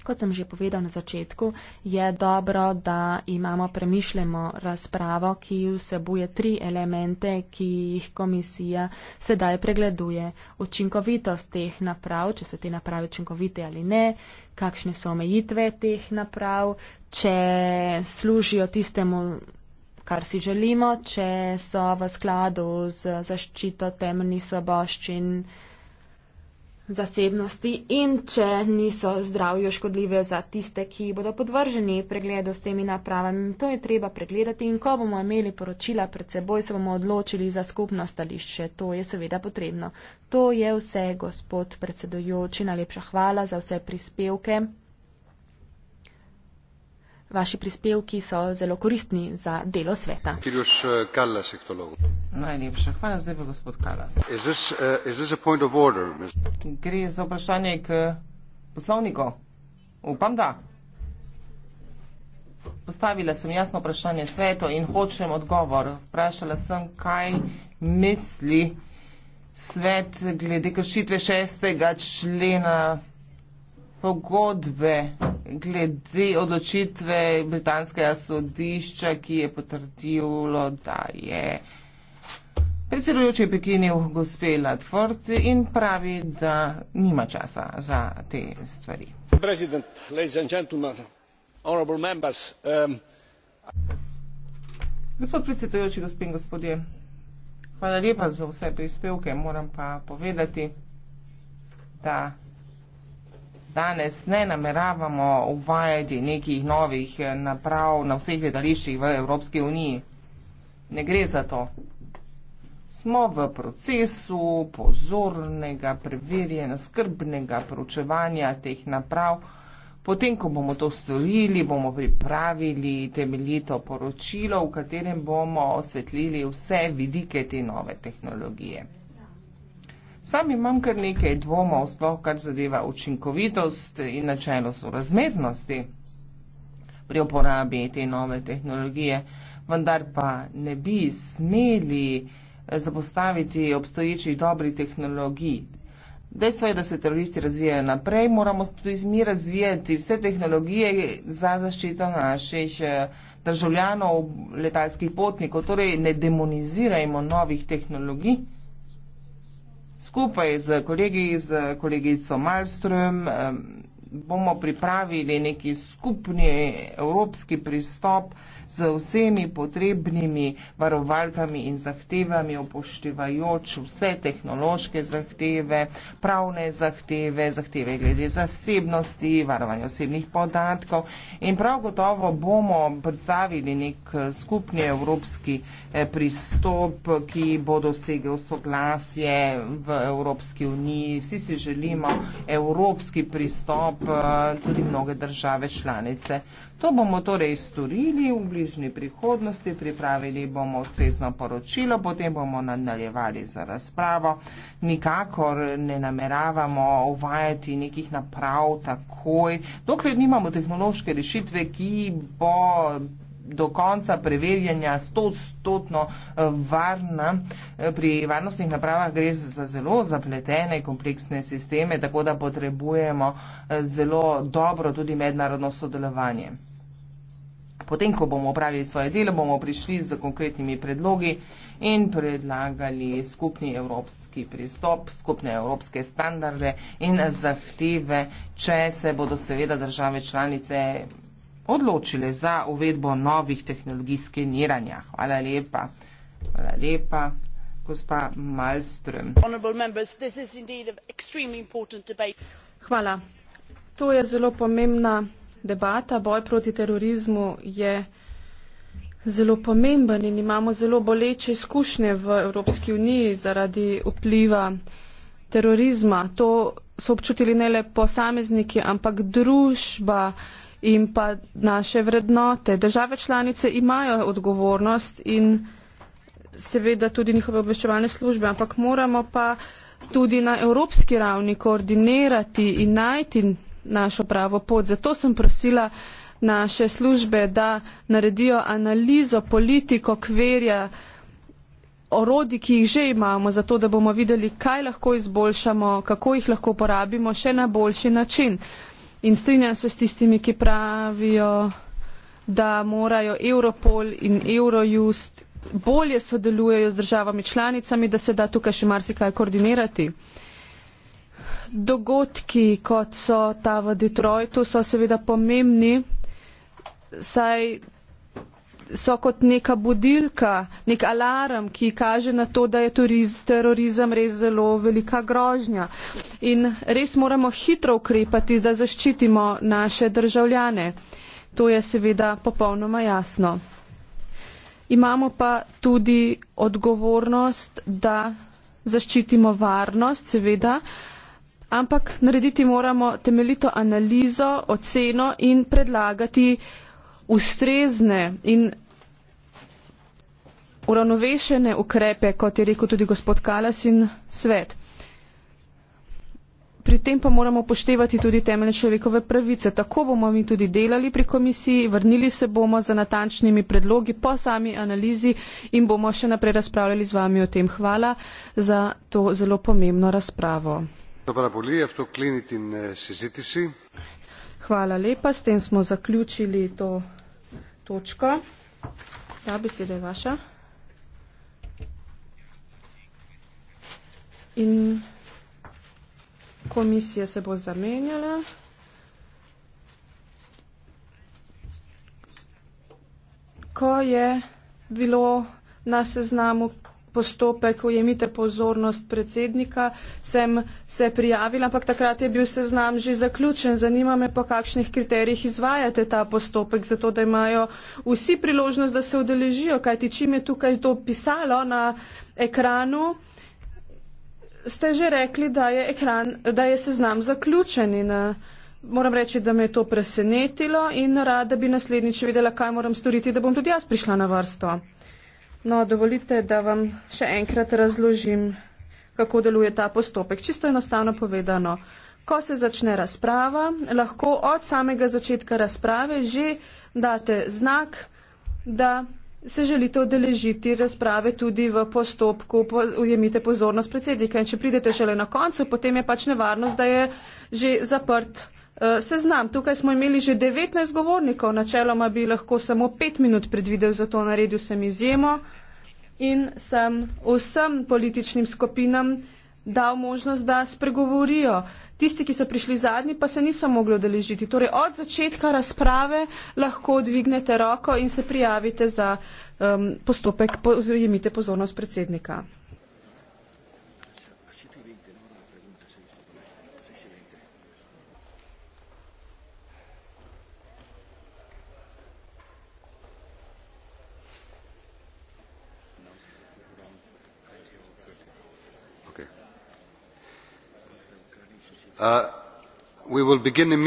Kot sem že povedal na začetku, je dobro, da imamo premišljeno razpravo, ki vsebuje tri elemente, ki jih komisija sedaj pregleduje. Učinkovitost teh naprav, če so te naprave učinkovite ali ne, kakšne so omejitve teh naprav, če služijo tistemu, kar si želimo, če so v skladu z zaščito temeljnih soboščin zasebnosti in če niso zdravju škodljive za tiste, ki bodo podvrženi pregledu s temi napravami. To je treba pregledati in ko bomo imeli poročila pred seboj, se bomo odločili za skupno stališče. To je seveda potrebno. To je vse, gospod predsedujoči. Najlepša hvala za vse prispevke. Vaši prispevki so zelo koristni za delo sveta. Kirjuš eh, Kallas, ektologu. Najlepša hvala, zdaj pa gospod Kallas. Uh, Gre za vprašanje k poslovniku? Upam, da. Postavila sem jasno vprašanje svetu in hočem odgovor. Vprašala sem, kaj misli svet glede kršitve šestega člena pogodbe glede odločitve britanskega sodišča, ki je potrdilo, da je predsedujoči prekinil gospe Latford in pravi, da nima časa za te stvari. Um, Gospod predsedujoči, gospe in gospodje, hvala lepa za vse prispevke. Moram pa povedati, da danes ne nameravamo uvajati nekih novih eh, naprav na vseh gledališčih v Evropski uniji. Ne gre za to. Smo v procesu pozornega, preverjenega, skrbnega proučevanja teh naprav. Potem, ko bomo to storili, bomo pripravili temeljito poročilo, v katerem bomo osvetlili vse vidike te nove tehnologije. Sam imam kar nekaj dvomov, sploh kar zadeva učinkovitost in načelo sorazmernosti pri uporabi te nove tehnologije, vendar pa ne bi smeli eh, zapostaviti obstoječih dobrih tehnologij. Dejstvo je, da se teroristi razvijajo naprej, moramo tudi mi razvijati vse tehnologije za zaščito naših eh, državljanov, letalskih potnikov, torej ne demonizirajmo novih tehnologij skupaj z kolegi, z kolegico Malstrom, bomo pripravili neki skupni evropski pristop z vsemi potrebnimi varovalkami in zahtevami, upoštevajoč vse tehnološke zahteve, pravne zahteve, zahteve glede zasebnosti, varovanja osebnih podatkov in prav gotovo bomo predstavili nek eh, skupni evropski eh, pristop, ki bo dosegel soglasje v Evropski uniji. Vsi si želimo evropski pristop, eh, tudi mnoge države članice To bomo torej storili v bližnji prihodnosti, pripravili bomo ustrezno poročilo, potem bomo nadaljevali za razpravo. Nikakor ne nameravamo uvajati nekih naprav takoj, dokler nimamo tehnološke rešitve, ki bo do konca preverjanja stotno eh, varna. Eh, pri varnostnih napravah gre za zelo zapletene, kompleksne sisteme, tako da potrebujemo eh, zelo dobro tudi mednarodno sodelovanje potem, ko bomo opravili svoje delo, bomo prišli z konkretnimi predlogi in predlagali skupni evropski pristop, skupne evropske standarde in zahteve, če se bodo seveda države članice odločile za uvedbo novih tehnologij skeniranja. Hvala lepa. Hvala lepa. Gospa Malström. Hvala. To je zelo pomembna debata, boj proti terorizmu je zelo pomemben in imamo zelo boleče izkušnje v Evropski uniji zaradi vpliva terorizma. To so občutili ne le posamezniki, ampak družba in pa naše vrednote. Države članice imajo odgovornost in seveda tudi njihove obveščevalne službe, ampak moramo pa tudi na evropski ravni koordinirati in najti našo pravo pot. Zato sem prosila naše službe, da naredijo analizo politiko kverja orodi, ki jih že imamo, zato da bomo videli, kaj lahko izboljšamo, kako jih lahko porabimo še na boljši način. In strinjam se s tistimi, ki pravijo, da morajo Europol in Eurojust bolje sodelujejo z državami članicami, da se da tukaj še marsikaj koordinirati dogodki, kot so ta v Detroitu, so seveda pomembni, saj so kot neka budilka, nek alarm, ki kaže na to, da je turiz, terorizem res zelo velika grožnja. In res moramo hitro ukrepati, da zaščitimo naše državljane. To je seveda popolnoma jasno. Imamo pa tudi odgovornost, da zaščitimo varnost, seveda ampak narediti moramo temeljito analizo, oceno in predlagati ustrezne in uravnovešene ukrepe, kot je rekel tudi gospod Kalas in svet. Pri tem pa moramo poštevati tudi temeljne človekove pravice. Tako bomo mi tudi delali pri komisiji, vrnili se bomo za natančnimi predlogi po sami analizi in bomo še naprej razpravljali z vami o tem. Hvala za to zelo pomembno razpravo. Hvala lepa, s tem smo zaključili to točko. Ta beseda je vaša. In komisija se bo zamenjala. Ko je bilo na seznamu postopek ujemite pozornost predsednika, sem se prijavila, ampak takrat je bil seznam že zaključen. Zanima me, po kakšnih kriterijih izvajate ta postopek, zato da imajo vsi priložnost, da se udeležijo, kajti čim je tukaj to pisalo na ekranu, ste že rekli, da je, ekran, da je seznam zaključen in eh, moram reči, da me je to presenetilo in rada bi naslednjič videla, kaj moram storiti, da bom tudi jaz prišla na vrsto. No, dovolite, da vam še enkrat razložim, kako deluje ta postopek. Čisto enostavno povedano, ko se začne razprava, lahko od samega začetka razprave že date znak, da se želite odeležiti razprave tudi v postopku, po, ujemite pozornost predsednika in če pridete šele na koncu, potem je pač nevarnost, da je že zaprt. Eh, seznam. Tukaj smo imeli že 19 govornikov, načeloma bi lahko samo 5 minut predvidel, zato naredil sem izjemo in sem vsem političnim skupinam dal možnost, da spregovorijo. Tisti, ki so prišli zadnji, pa se niso mogli odeležiti. Torej, od začetka razprave lahko dvignete roko in se prijavite za um, postopek, pozorimite pozornost predsednika. Uh, we will begin immediately with the question period.